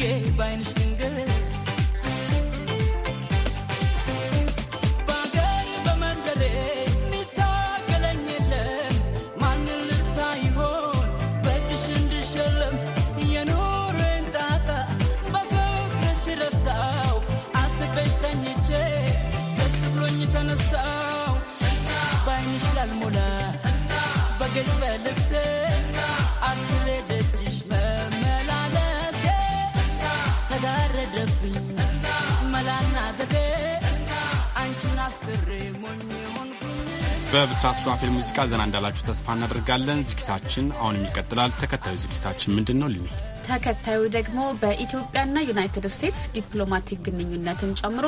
yeah. በብስራት ሸዋፌል ሙዚቃ ዘና እንዳላችሁ ተስፋ እናደርጋለን። ዝግጅታችን አሁንም ይቀጥላል። ተከታዩ ዝግጅታችን ምንድን ነው ልሚ? ተከታዩ ደግሞ በኢትዮጵያና ዩናይትድ ስቴትስ ዲፕሎማቲክ ግንኙነትን ጨምሮ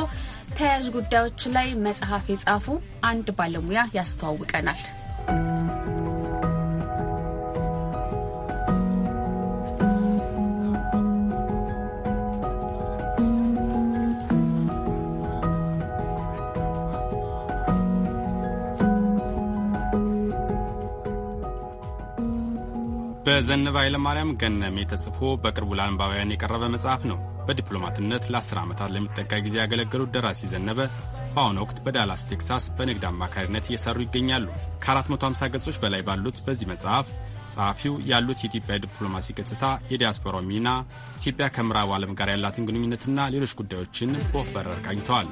ተያያዥ ጉዳዮች ላይ መጽሐፍ የጻፉ አንድ ባለሙያ ያስተዋውቀናል። በዘነበ ኃይለማርያም ገነሜ ተጽፎ በቅርቡ ለአንባቢያን የቀረበ መጽሐፍ ነው። በዲፕሎማትነት ለአስር ዓመታት ለሚጠጋ ጊዜ ያገለገሉት ደራሲ ዘነበ በአሁኑ ወቅት በዳላስ ቴክሳስ በንግድ አማካሪነት እየሰሩ ይገኛሉ። ከ450 ገጾች በላይ ባሉት በዚህ መጽሐፍ ጸሐፊው ያሉት የኢትዮጵያ ዲፕሎማሲ ገጽታ፣ የዲያስፖራው ሚና፣ ኢትዮጵያ ከምዕራብ ዓለም ጋር ያላትን ግንኙነትና ሌሎች ጉዳዮችን በወፍ በረር ቃኝተዋል።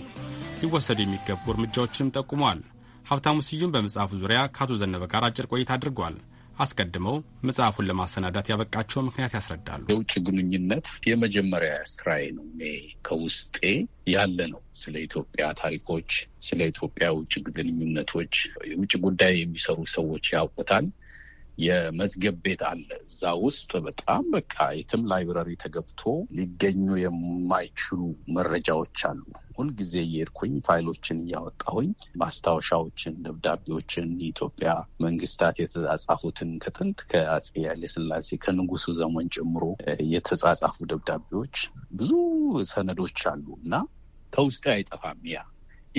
ሊወሰዱ የሚገቡ እርምጃዎችንም ጠቁመዋል። ሀብታሙ ስዩም በመጽሐፉ ዙሪያ ከአቶ ዘነበ ጋር አጭር ቆይታ አድርጓል። አስቀድመው መጽሐፉን ለማሰናዳት ያበቃቸው ምክንያት ያስረዳሉ። የውጭ ግንኙነት የመጀመሪያ ስራዬ ነው። እኔ ከውስጤ ያለ ነው። ስለ ኢትዮጵያ ታሪኮች፣ ስለ ኢትዮጵያ ውጭ ግንኙነቶች የውጭ ጉዳይ የሚሰሩ ሰዎች ያውቁታል። የመዝገብ ቤት አለ። እዛ ውስጥ በጣም በቃ የትም ላይብረሪ ተገብቶ ሊገኙ የማይችሉ መረጃዎች አሉ። ሁልጊዜ እየሄድኩኝ ፋይሎችን እያወጣሁኝ ማስታወሻዎችን፣ ደብዳቤዎችን የኢትዮጵያ መንግስታት የተጻጻፉትን ከጥንት ከአጼ ኃይለሥላሴ ከንጉሱ ዘመን ጀምሮ የተጻጻፉ ደብዳቤዎች ብዙ ሰነዶች አሉ እና ከውስጤ አይጠፋም ያ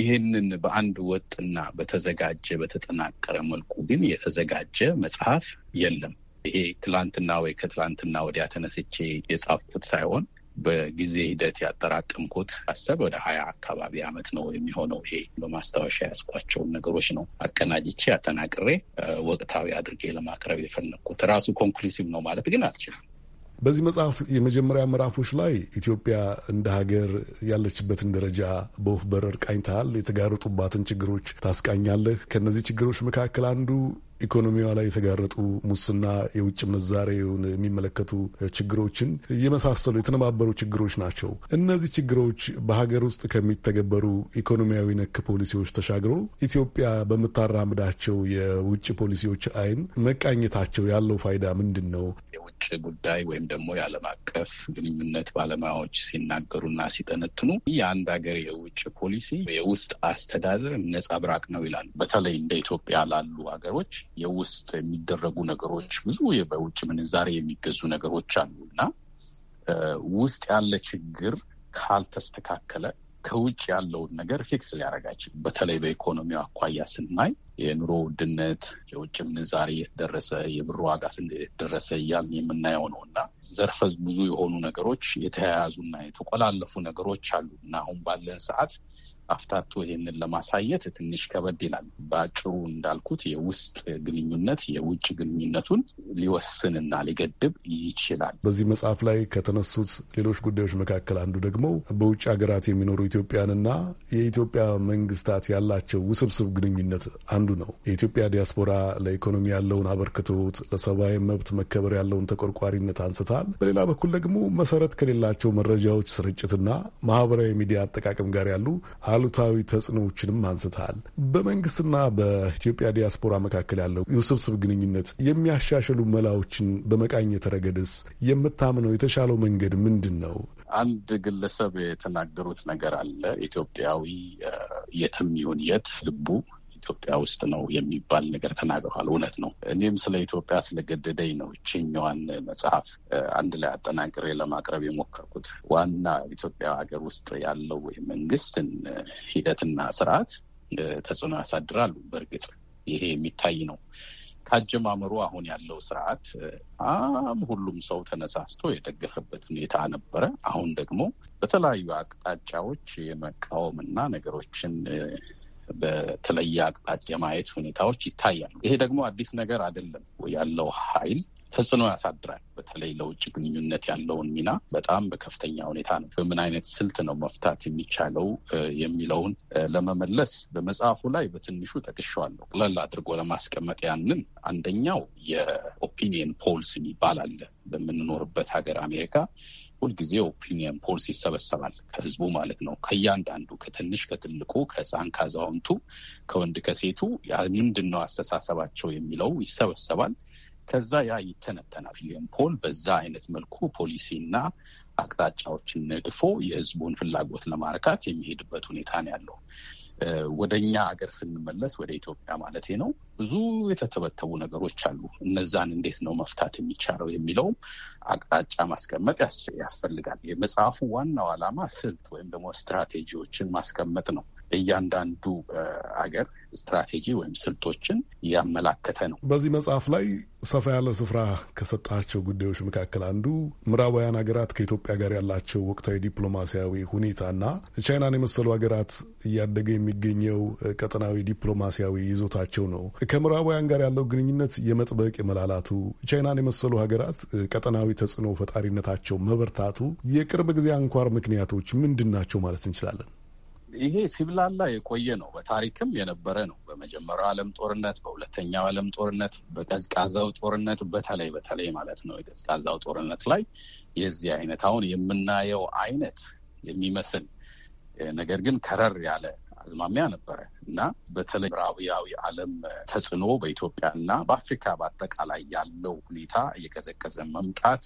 ይህንን በአንድ ወጥና በተዘጋጀ በተጠናቀረ መልኩ ግን የተዘጋጀ መጽሐፍ የለም። ይሄ ትላንትና ወይ ከትላንትና ወዲያ ተነስቼ የጻፍኩት ሳይሆን በጊዜ ሂደት ያጠራቀምኩት አሰብ ወደ ሀያ አካባቢ አመት ነው የሚሆነው። ይሄ በማስታወሻ ያስኳቸውን ነገሮች ነው አቀናጅቼ አጠናቅሬ ወቅታዊ አድርጌ ለማቅረብ የፈለግኩት። ራሱ ኮንክሉሲቭ ነው ማለት ግን አልችልም። በዚህ መጽሐፍ የመጀመሪያ ምዕራፎች ላይ ኢትዮጵያ እንደ ሀገር ያለችበትን ደረጃ በወፍ በረር ቃኝተሃል። የተጋረጡባትን ችግሮች ታስቃኛለህ። ከእነዚህ ችግሮች መካከል አንዱ ኢኮኖሚዋ ላይ የተጋረጡ ሙስና፣ የውጭ ምንዛሬውን የሚመለከቱ ችግሮችን የመሳሰሉ የተነባበሩ ችግሮች ናቸው። እነዚህ ችግሮች በሀገር ውስጥ ከሚተገበሩ ኢኮኖሚያዊ ነክ ፖሊሲዎች ተሻግሮ ኢትዮጵያ በምታራምዳቸው የውጭ ፖሊሲዎች አይን መቃኘታቸው ያለው ፋይዳ ምንድን ነው? የውጭ ጉዳይ ወይም ደግሞ የዓለም አቀፍ ግንኙነት ባለሙያዎች ሲናገሩና ሲጠነትኑ የአንድ ሀገር የውጭ ፖሊሲ የውስጥ አስተዳደር ነጸብራቅ ነው ይላሉ። በተለይ እንደ ኢትዮጵያ ላሉ ሀገሮች የውስጥ የሚደረጉ ነገሮች ብዙ በውጭ ምንዛሬ የሚገዙ ነገሮች አሉ እና ውስጥ ያለ ችግር ካልተስተካከለ ከውጭ ያለውን ነገር ፊክስ ሊያደርጋችን በተለይ በኢኮኖሚው አኳያ ስናይ የኑሮ ውድነት፣ የውጭ ምንዛሬ የተደረሰ የብር ዋጋ ስደረሰ እያልን የምናየው ነው እና ዘርፈ ብዙ የሆኑ ነገሮች የተያያዙና የተቆላለፉ ነገሮች አሉ እና አሁን ባለን ሰዓት አፍታቶ ይህንን ለማሳየት ትንሽ ከበድ ይላል። በአጭሩ እንዳልኩት የውስጥ ግንኙነት የውጭ ግንኙነቱን ሊወስንና ሊገድብ ይችላል። በዚህ መጽሐፍ ላይ ከተነሱት ሌሎች ጉዳዮች መካከል አንዱ ደግሞ በውጭ ሀገራት የሚኖሩ ኢትዮጵያንና የኢትዮጵያ መንግስታት ያላቸው ውስብስብ ግንኙነት አንዱ ነው። የኢትዮጵያ ዲያስፖራ ለኢኮኖሚ ያለውን አበርክቶት፣ ለሰብአዊ መብት መከበር ያለውን ተቆርቋሪነት አንስታል። በሌላ በኩል ደግሞ መሰረት ከሌላቸው መረጃዎች ስርጭትና ማህበራዊ ሚዲያ አጠቃቀም ጋር ያሉ አሉታዊ ተጽዕኖዎችንም አንስተሃል። በመንግስትና በኢትዮጵያ ዲያስፖራ መካከል ያለው ውስብስብ ግንኙነት የሚያሻሽሉ መላዎችን በመቃኘት ረገድስ የምታምነው የተሻለው መንገድ ምንድን ነው? አንድ ግለሰብ የተናገሩት ነገር አለ። ኢትዮጵያዊ የትም ይሁን የት ልቡ ኢትዮጵያ ውስጥ ነው የሚባል ነገር ተናግረዋል። እውነት ነው። እኔም ስለ ኢትዮጵያ ስለገደደኝ ነው ይችኛዋን መጽሐፍ አንድ ላይ አጠናቅሬ ለማቅረብ የሞከርኩት። ዋና ኢትዮጵያ ሀገር ውስጥ ያለው መንግስትን ሂደትና ስርዓት ተጽዕኖ ያሳድራሉ። በእርግጥ ይሄ የሚታይ ነው። ከአጀማመሩ አሁን ያለው ስርዓት በጣም ሁሉም ሰው ተነሳስቶ የደገፈበት ሁኔታ ነበረ። አሁን ደግሞ በተለያዩ አቅጣጫዎች የመቃወምና ነገሮችን በተለየ አቅጣጫ የማየት ሁኔታዎች ይታያሉ። ይሄ ደግሞ አዲስ ነገር አይደለም። ያለው ኃይል ተጽዕኖ ያሳድራል። በተለይ ለውጭ ግንኙነት ያለውን ሚና በጣም በከፍተኛ ሁኔታ ነው። በምን አይነት ስልት ነው መፍታት የሚቻለው የሚለውን ለመመለስ በመጽሐፉ ላይ በትንሹ ጠቅሸዋለሁ። ቅለል አድርጎ ለማስቀመጥ ያንን አንደኛው የኦፒኒየን ፖልስ የሚባል አለ። በምንኖርበት ሀገር አሜሪካ ሁልጊዜ ኦፒኒየን ፖልስ ይሰበሰባል ከህዝቡ ማለት ነው። ከእያንዳንዱ ከትንሽ ከትልቁ፣ ከህፃን ካዛውንቱ፣ ከወንድ ከሴቱ ምንድን ነው አስተሳሰባቸው የሚለው ይሰበሰባል። ከዛ ያ ይተነተናል። ይህም ፖል በዛ አይነት መልኩ ፖሊሲና አቅጣጫዎችን ነድፎ የህዝቡን ፍላጎት ለማርካት የሚሄድበት ሁኔታ ነው ያለው። ወደ እኛ ሀገር ስንመለስ ወደ ኢትዮጵያ ማለት ነው፣ ብዙ የተተበተቡ ነገሮች አሉ። እነዛን እንዴት ነው መፍታት የሚቻለው የሚለውም አቅጣጫ ማስቀመጥ ያስፈልጋል። የመጽሐፉ ዋናው ዓላማ ስልት ወይም ደግሞ ስትራቴጂዎችን ማስቀመጥ ነው። እያንዳንዱ አገር ስትራቴጂ ወይም ስልቶችን እያመላከተ ነው። በዚህ መጽሐፍ ላይ ሰፋ ያለ ስፍራ ከሰጣቸው ጉዳዮች መካከል አንዱ ምዕራባውያን ሀገራት ከኢትዮጵያ ጋር ያላቸው ወቅታዊ ዲፕሎማሲያዊ ሁኔታና ቻይናን የመሰሉ ሀገራት እያደገ የሚ የሚገኘው ቀጠናዊ ዲፕሎማሲያዊ ይዞታቸው ነው። ከምዕራባውያን ጋር ያለው ግንኙነት የመጥበቅ የመላላቱ ቻይናን የመሰሉ ሀገራት ቀጠናዊ ተጽዕኖ ፈጣሪነታቸው መበርታቱ የቅርብ ጊዜ አንኳር ምክንያቶች ምንድን ናቸው ማለት እንችላለን? ይሄ ሲብላላ የቆየ ነው። በታሪክም የነበረ ነው። በመጀመሪያው ዓለም ጦርነት፣ በሁለተኛው ዓለም ጦርነት፣ በቀዝቃዛው ጦርነት በተለይ በተለይ ማለት ነው የቀዝቃዛው ጦርነት ላይ የዚህ አይነት አሁን የምናየው አይነት የሚመስል ነገር ግን ከረር ያለ አዝማሚያ ነበረ እና በተለይ ምዕራባዊ ዓለም ተጽዕኖ በኢትዮጵያና በአፍሪካ በአጠቃላይ ያለው ሁኔታ እየቀዘቀዘ መምጣት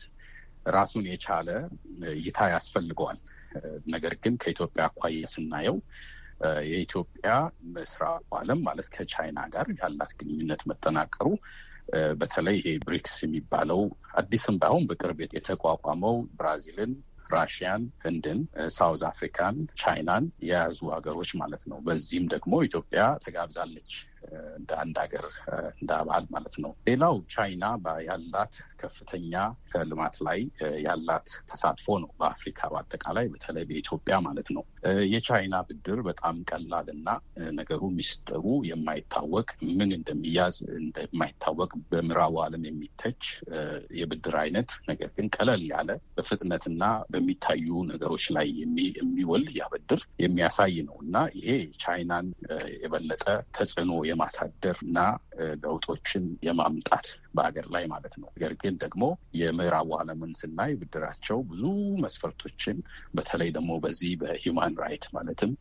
ራሱን የቻለ እይታ ያስፈልገዋል። ነገር ግን ከኢትዮጵያ አኳያ ስናየው የኢትዮጵያ ምስራቁ ዓለም ማለት ከቻይና ጋር ያላት ግንኙነት መጠናቀሩ በተለይ ይሄ ብሪክስ የሚባለው አዲስም ባይሆን በቅርብ የተቋቋመው ብራዚልን ራሽያን፣ ህንድን፣ ሳውዝ አፍሪካን፣ ቻይናን የያዙ ሀገሮች ማለት ነው። በዚህም ደግሞ ኢትዮጵያ ተጋብዛለች። እንደ አንድ ሀገር እንደ አባል ማለት ነው። ሌላው ቻይና ያላት ከፍተኛ ከልማት ላይ ያላት ተሳትፎ ነው። በአፍሪካ በአጠቃላይ በተለይ በኢትዮጵያ ማለት ነው። የቻይና ብድር በጣም ቀላል እና ነገሩ ሚስጥሩ የማይታወቅ ምን እንደሚያዝ እንደማይታወቅ በምዕራቡ ዓለም የሚተች የብድር አይነት ነገር ግን ቀለል ያለ በፍጥነትና በሚታዩ ነገሮች ላይ የሚውል ያበድር የሚያሳይ ነው እና ይሄ ቻይናን የበለጠ ተጽዕኖ የማሳደር እና ለውጦችን የማምጣት በሀገር ላይ ማለት ነው። ነገር ግን ደግሞ የምዕራቡ ዓለምን ስናይ ብድራቸው ብዙ መስፈርቶችን በተለይ ደግሞ በዚህ በሂውማን ራይት ማለትም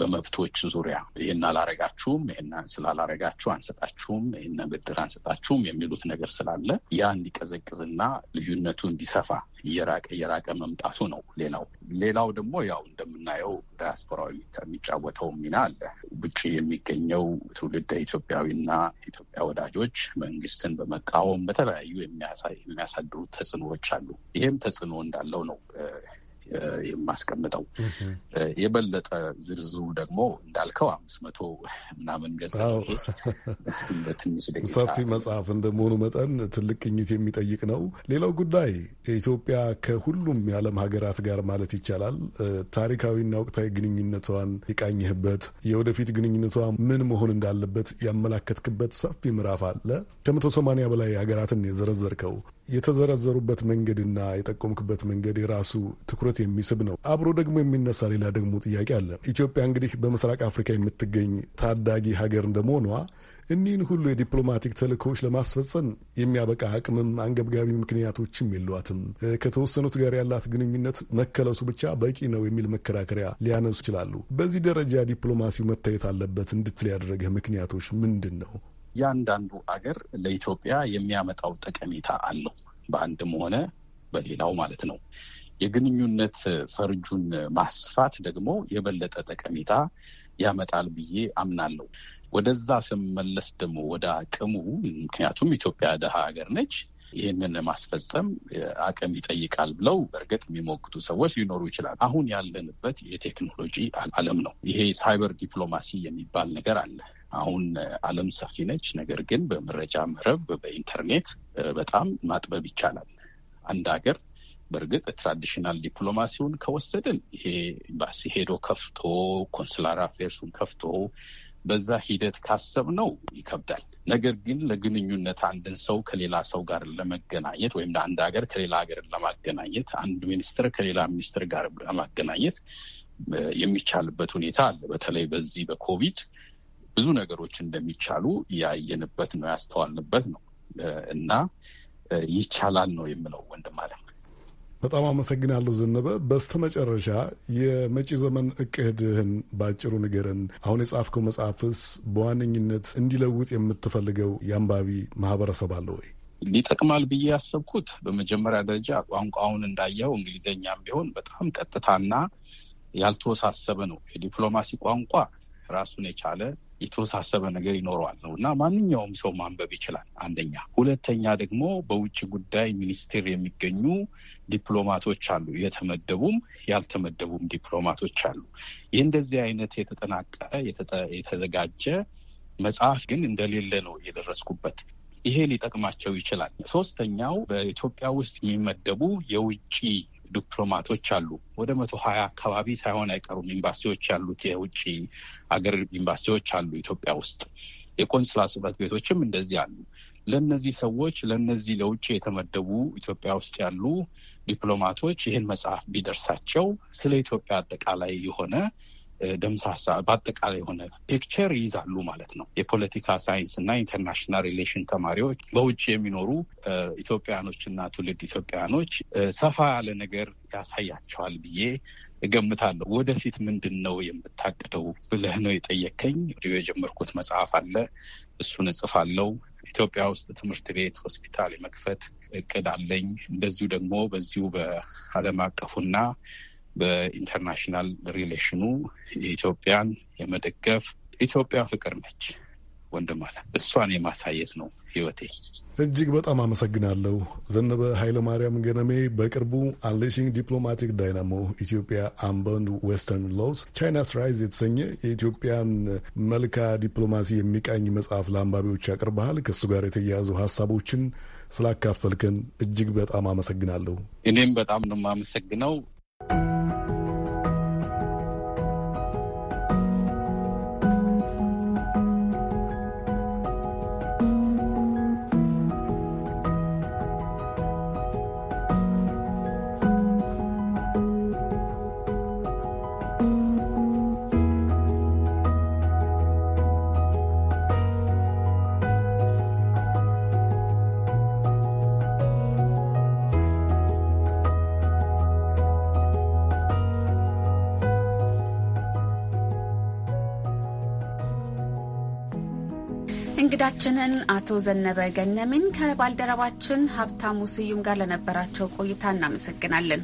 በመብቶች ዙሪያ ይህን አላረጋችሁም፣ ይህን ስላላረጋችሁ አንሰጣችሁም፣ ይህን ብድር አንሰጣችሁም የሚሉት ነገር ስላለ ያ እንዲቀዘቅዝና ልዩነቱ እንዲሰፋ እየራቀ እየራቀ መምጣቱ ነው። ሌላው ሌላው ደግሞ ያው እንደምናየው ዳያስፖራዊ የሚጫወተው ሚና አለ። ውጭ የሚገኘው ትውልድ ኢትዮጵያዊና ኢትዮጵያ ወዳጆች መንግስትን በመቃወም በተለያዩ የሚያሳድሩት ተጽዕኖዎች አሉ። ይህም ተጽዕኖ እንዳለው ነው የማስቀምጠው። የበለጠ ዝርዝሩ ደግሞ እንዳልከው አምስት መቶ ምናምን ገጽ በትንሽ ሰፊ መጽሐፍ እንደመሆኑ መጠን ትልቅ ቅኝት የሚጠይቅ ነው። ሌላው ጉዳይ ኢትዮጵያ ከሁሉም የዓለም ሀገራት ጋር ማለት ይቻላል ታሪካዊና ወቅታዊ ግንኙነቷን የቃኘህበት የወደፊት ግንኙነቷ ምን መሆን እንዳለበት ያመላከትክበት ሰፊ ምዕራፍ አለ። ከመቶ ሰማንያ በላይ ሀገራትን የዘረዘርከው የተዘረዘሩበት መንገድና የጠቆምክበት መንገድ የራሱ ትኩረት የሚስብ ነው። አብሮ ደግሞ የሚነሳ ሌላ ደግሞ ጥያቄ አለ። ኢትዮጵያ እንግዲህ በምስራቅ አፍሪካ የምትገኝ ታዳጊ ሀገር እንደመሆኗ እኒህን ሁሉ የዲፕሎማቲክ ተልእኮዎች ለማስፈጸም የሚያበቃ አቅምም አንገብጋቢ ምክንያቶችም የሏትም ከተወሰኑት ጋር ያላት ግንኙነት መከለሱ ብቻ በቂ ነው የሚል መከራከሪያ ሊያነሱ ይችላሉ። በዚህ ደረጃ ዲፕሎማሲው መታየት አለበት እንድትል ያደረገ ምክንያቶች ምንድን ነው? እያንዳንዱ አገር ለኢትዮጵያ የሚያመጣው ጠቀሜታ አለው በአንድም ሆነ በሌላው ማለት ነው። የግንኙነት ፈርጁን ማስፋት ደግሞ የበለጠ ጠቀሜታ ያመጣል ብዬ አምናለሁ። ወደዛ ስመለስ ደግሞ ወደ አቅሙ፣ ምክንያቱም ኢትዮጵያ ድሃ ሀገር ነች። ይህንን ማስፈጸም አቅም ይጠይቃል ብለው በእርግጥ የሚሞግቱ ሰዎች ሊኖሩ ይችላል። አሁን ያለንበት የቴክኖሎጂ ዓለም ነው። ይሄ ሳይበር ዲፕሎማሲ የሚባል ነገር አለ። አሁን ዓለም ሰፊ ነች። ነገር ግን በመረጃ መረብ በኢንተርኔት በጣም ማጥበብ ይቻላል። አንድ ሀገር በእርግጥ ትራዲሽናል ዲፕሎማሲውን ከወሰድን ይሄ ባሲ ሄዶ ከፍቶ ኮንስላር አፌርሱን ከፍቶ በዛ ሂደት ካሰብ ነው ይከብዳል። ነገር ግን ለግንኙነት አንድን ሰው ከሌላ ሰው ጋር ለመገናኘት ወይም ለአንድ ሀገር ከሌላ ሀገር ለማገናኘት አንድ ሚኒስትር ከሌላ ሚኒስትር ጋር ለማገናኘት የሚቻልበት ሁኔታ አለ። በተለይ በዚህ በኮቪድ ብዙ ነገሮች እንደሚቻሉ ያየንበት ነው ያስተዋልንበት ነው እና ይቻላል ነው የምለው ወንድም አለ። በጣም አመሰግናለሁ ዘነበ። በስተመጨረሻ የመጪ ዘመን እቅድህን በአጭሩ ንገረን። አሁን የጻፍከው መጽሐፍስ በዋነኝነት እንዲለውጥ የምትፈልገው የአንባቢ ማህበረሰብ አለ ወይ? ሊጠቅማል ብዬ ያሰብኩት በመጀመሪያ ደረጃ ቋንቋውን እንዳየው እንግሊዝኛም ቢሆን በጣም ቀጥታና ያልተወሳሰበ ነው። የዲፕሎማሲ ቋንቋ ራሱን የቻለ የተወሳሰበ ነገር ይኖረዋል ነው እና ማንኛውም ሰው ማንበብ ይችላል። አንደኛ። ሁለተኛ ደግሞ በውጭ ጉዳይ ሚኒስቴር የሚገኙ ዲፕሎማቶች አሉ፣ የተመደቡም ያልተመደቡም ዲፕሎማቶች አሉ። ይህ እንደዚህ አይነት የተጠናቀረ የተዘጋጀ መጽሐፍ ግን እንደሌለ ነው የደረስኩበት። ይሄ ሊጠቅማቸው ይችላል። ሶስተኛው በኢትዮጵያ ውስጥ የሚመደቡ የውጭ ዲፕሎማቶች አሉ። ወደ መቶ ሀያ አካባቢ ሳይሆን አይቀሩም ኤምባሲዎች ያሉት የውጭ አገር ኤምባሲዎች አሉ ኢትዮጵያ ውስጥ። የቆንስላ ጽሕፈት ቤቶችም እንደዚህ አሉ። ለእነዚህ ሰዎች ለእነዚህ ለውጭ የተመደቡ ኢትዮጵያ ውስጥ ያሉ ዲፕሎማቶች ይህን መጽሐፍ ቢደርሳቸው ስለ ኢትዮጵያ አጠቃላይ የሆነ ደምሳሳ በአጠቃላይ የሆነ ፒክቸር ይይዛሉ ማለት ነው። የፖለቲካ ሳይንስ እና ኢንተርናሽናል ሪሌሽን ተማሪዎች በውጭ የሚኖሩ ኢትዮጵያኖች እና ትውልድ ኢትዮጵያኖች ሰፋ ያለ ነገር ያሳያቸዋል ብዬ እገምታለሁ። ወደፊት ምንድን ነው የምታቅደው ብለህ ነው የጠየከኝ። የጀመርኩት መጽሐፍ አለ፣ እሱን እጽፋለሁ። ኢትዮጵያ ውስጥ ትምህርት ቤት፣ ሆስፒታል የመክፈት እቅድ አለኝ። እንደዚሁ ደግሞ በዚሁ በዓለም አቀፉና በኢንተርናሽናል ሪሌሽኑ የኢትዮጵያን የመደገፍ ኢትዮጵያ ፍቅር ነች ወንድማለ እሷን የማሳየት ነው ህይወቴ። እጅግ በጣም አመሰግናለሁ ዘነበ ኃይለ ማርያም ገነሜ። በቅርቡ አንሌሽንግ ዲፕሎማቲክ ዳይናሞ ኢትዮጵያ አምበንድ ዌስተርን ሎስ ቻይናስ ራይዝ የተሰኘ የኢትዮጵያን መልካ ዲፕሎማሲ የሚቃኝ መጽሐፍ ለአንባቢዎች ያቅርበሃል። ከእሱ ጋር የተያያዙ ሀሳቦችን ስላካፈልከን እጅግ በጣም አመሰግናለሁ። እኔም በጣም ነው የማመሰግነው። እንግዳችንን አቶ ዘነበ ገነምን ከባልደረባችን ሀብታሙ ስዩም ጋር ለነበራቸው ቆይታ እናመሰግናለን።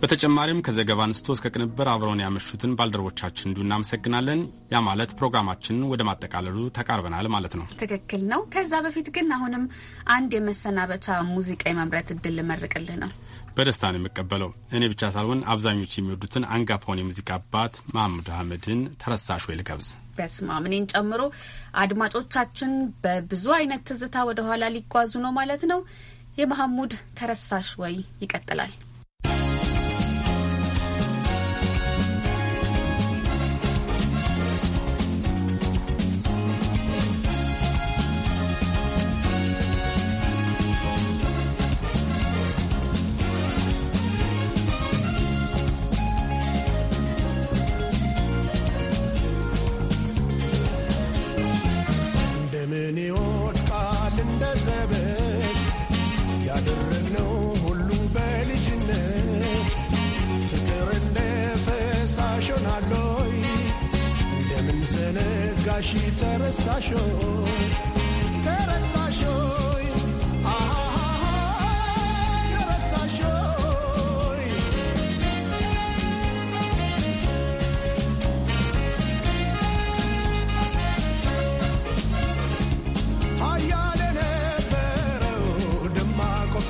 በተጨማሪም ከዘገባ አንስቶ እስከ ቅንብር አብረውን ያመሹትን ባልደረቦቻችን እንዲሁ እናመሰግናለን። ያ ማለት ፕሮግራማችንን ወደ ማጠቃለሉ ተቃርበናል ማለት ነው። ትክክል ነው። ከዛ በፊት ግን አሁንም አንድ የመሰናበቻ ሙዚቃ የመምረት እድል ልመርቅልህ ነው። በደስታ ነው የምቀበለው። እኔ ብቻ ሳልሆን አብዛኞቹ የሚወዱትን አንጋፋውን የሙዚቃ አባት መሐሙድ አህመድን ተረሳሽ ወይ ልጋብዝ። በስማምኔን ጨምሮ አድማጮቻችን በብዙ አይነት ትዝታ ወደኋላ ሊጓዙ ነው ማለት ነው። የመሐሙድ ተረሳሽ ወይ ይቀጥላል።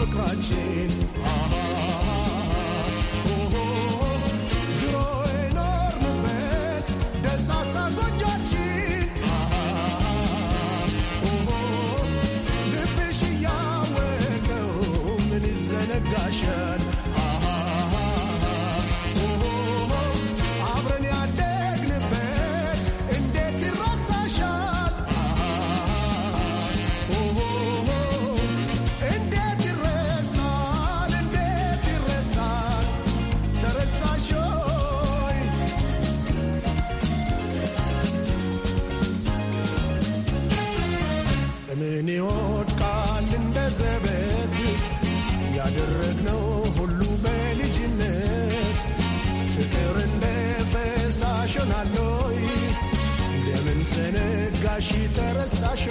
crunching. ምን ይወድቃል እንደ ዘበት ያደረግነው ሁሉ በልጅነት ፍቅር እንደ ፈሳሾናለይ ለምን ሰነጋሽ ተረሳሾ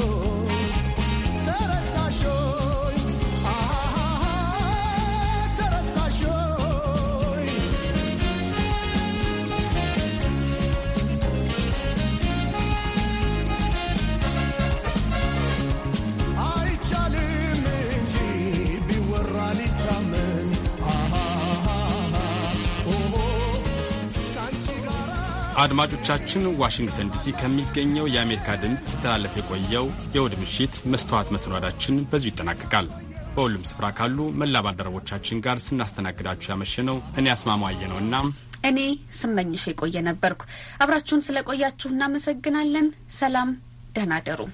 አድማጮቻችን፣ ዋሽንግተን ዲሲ ከሚገኘው የአሜሪካ ድምፅ ሲተላለፍ የቆየው የእሁድ ምሽት መስተዋት መሰናዳችን በዚሁ ይጠናቀቃል። በሁሉም ስፍራ ካሉ መላ ባልደረቦቻችን ጋር ስናስተናግዳችሁ ያመሸነው እኔ አስማማየ ነው እና እኔ ስመኝሽ የቆየ ነበርኩ። አብራችሁን ስለቆያችሁ እናመሰግናለን። ሰላም፣ ደህና ደሩም።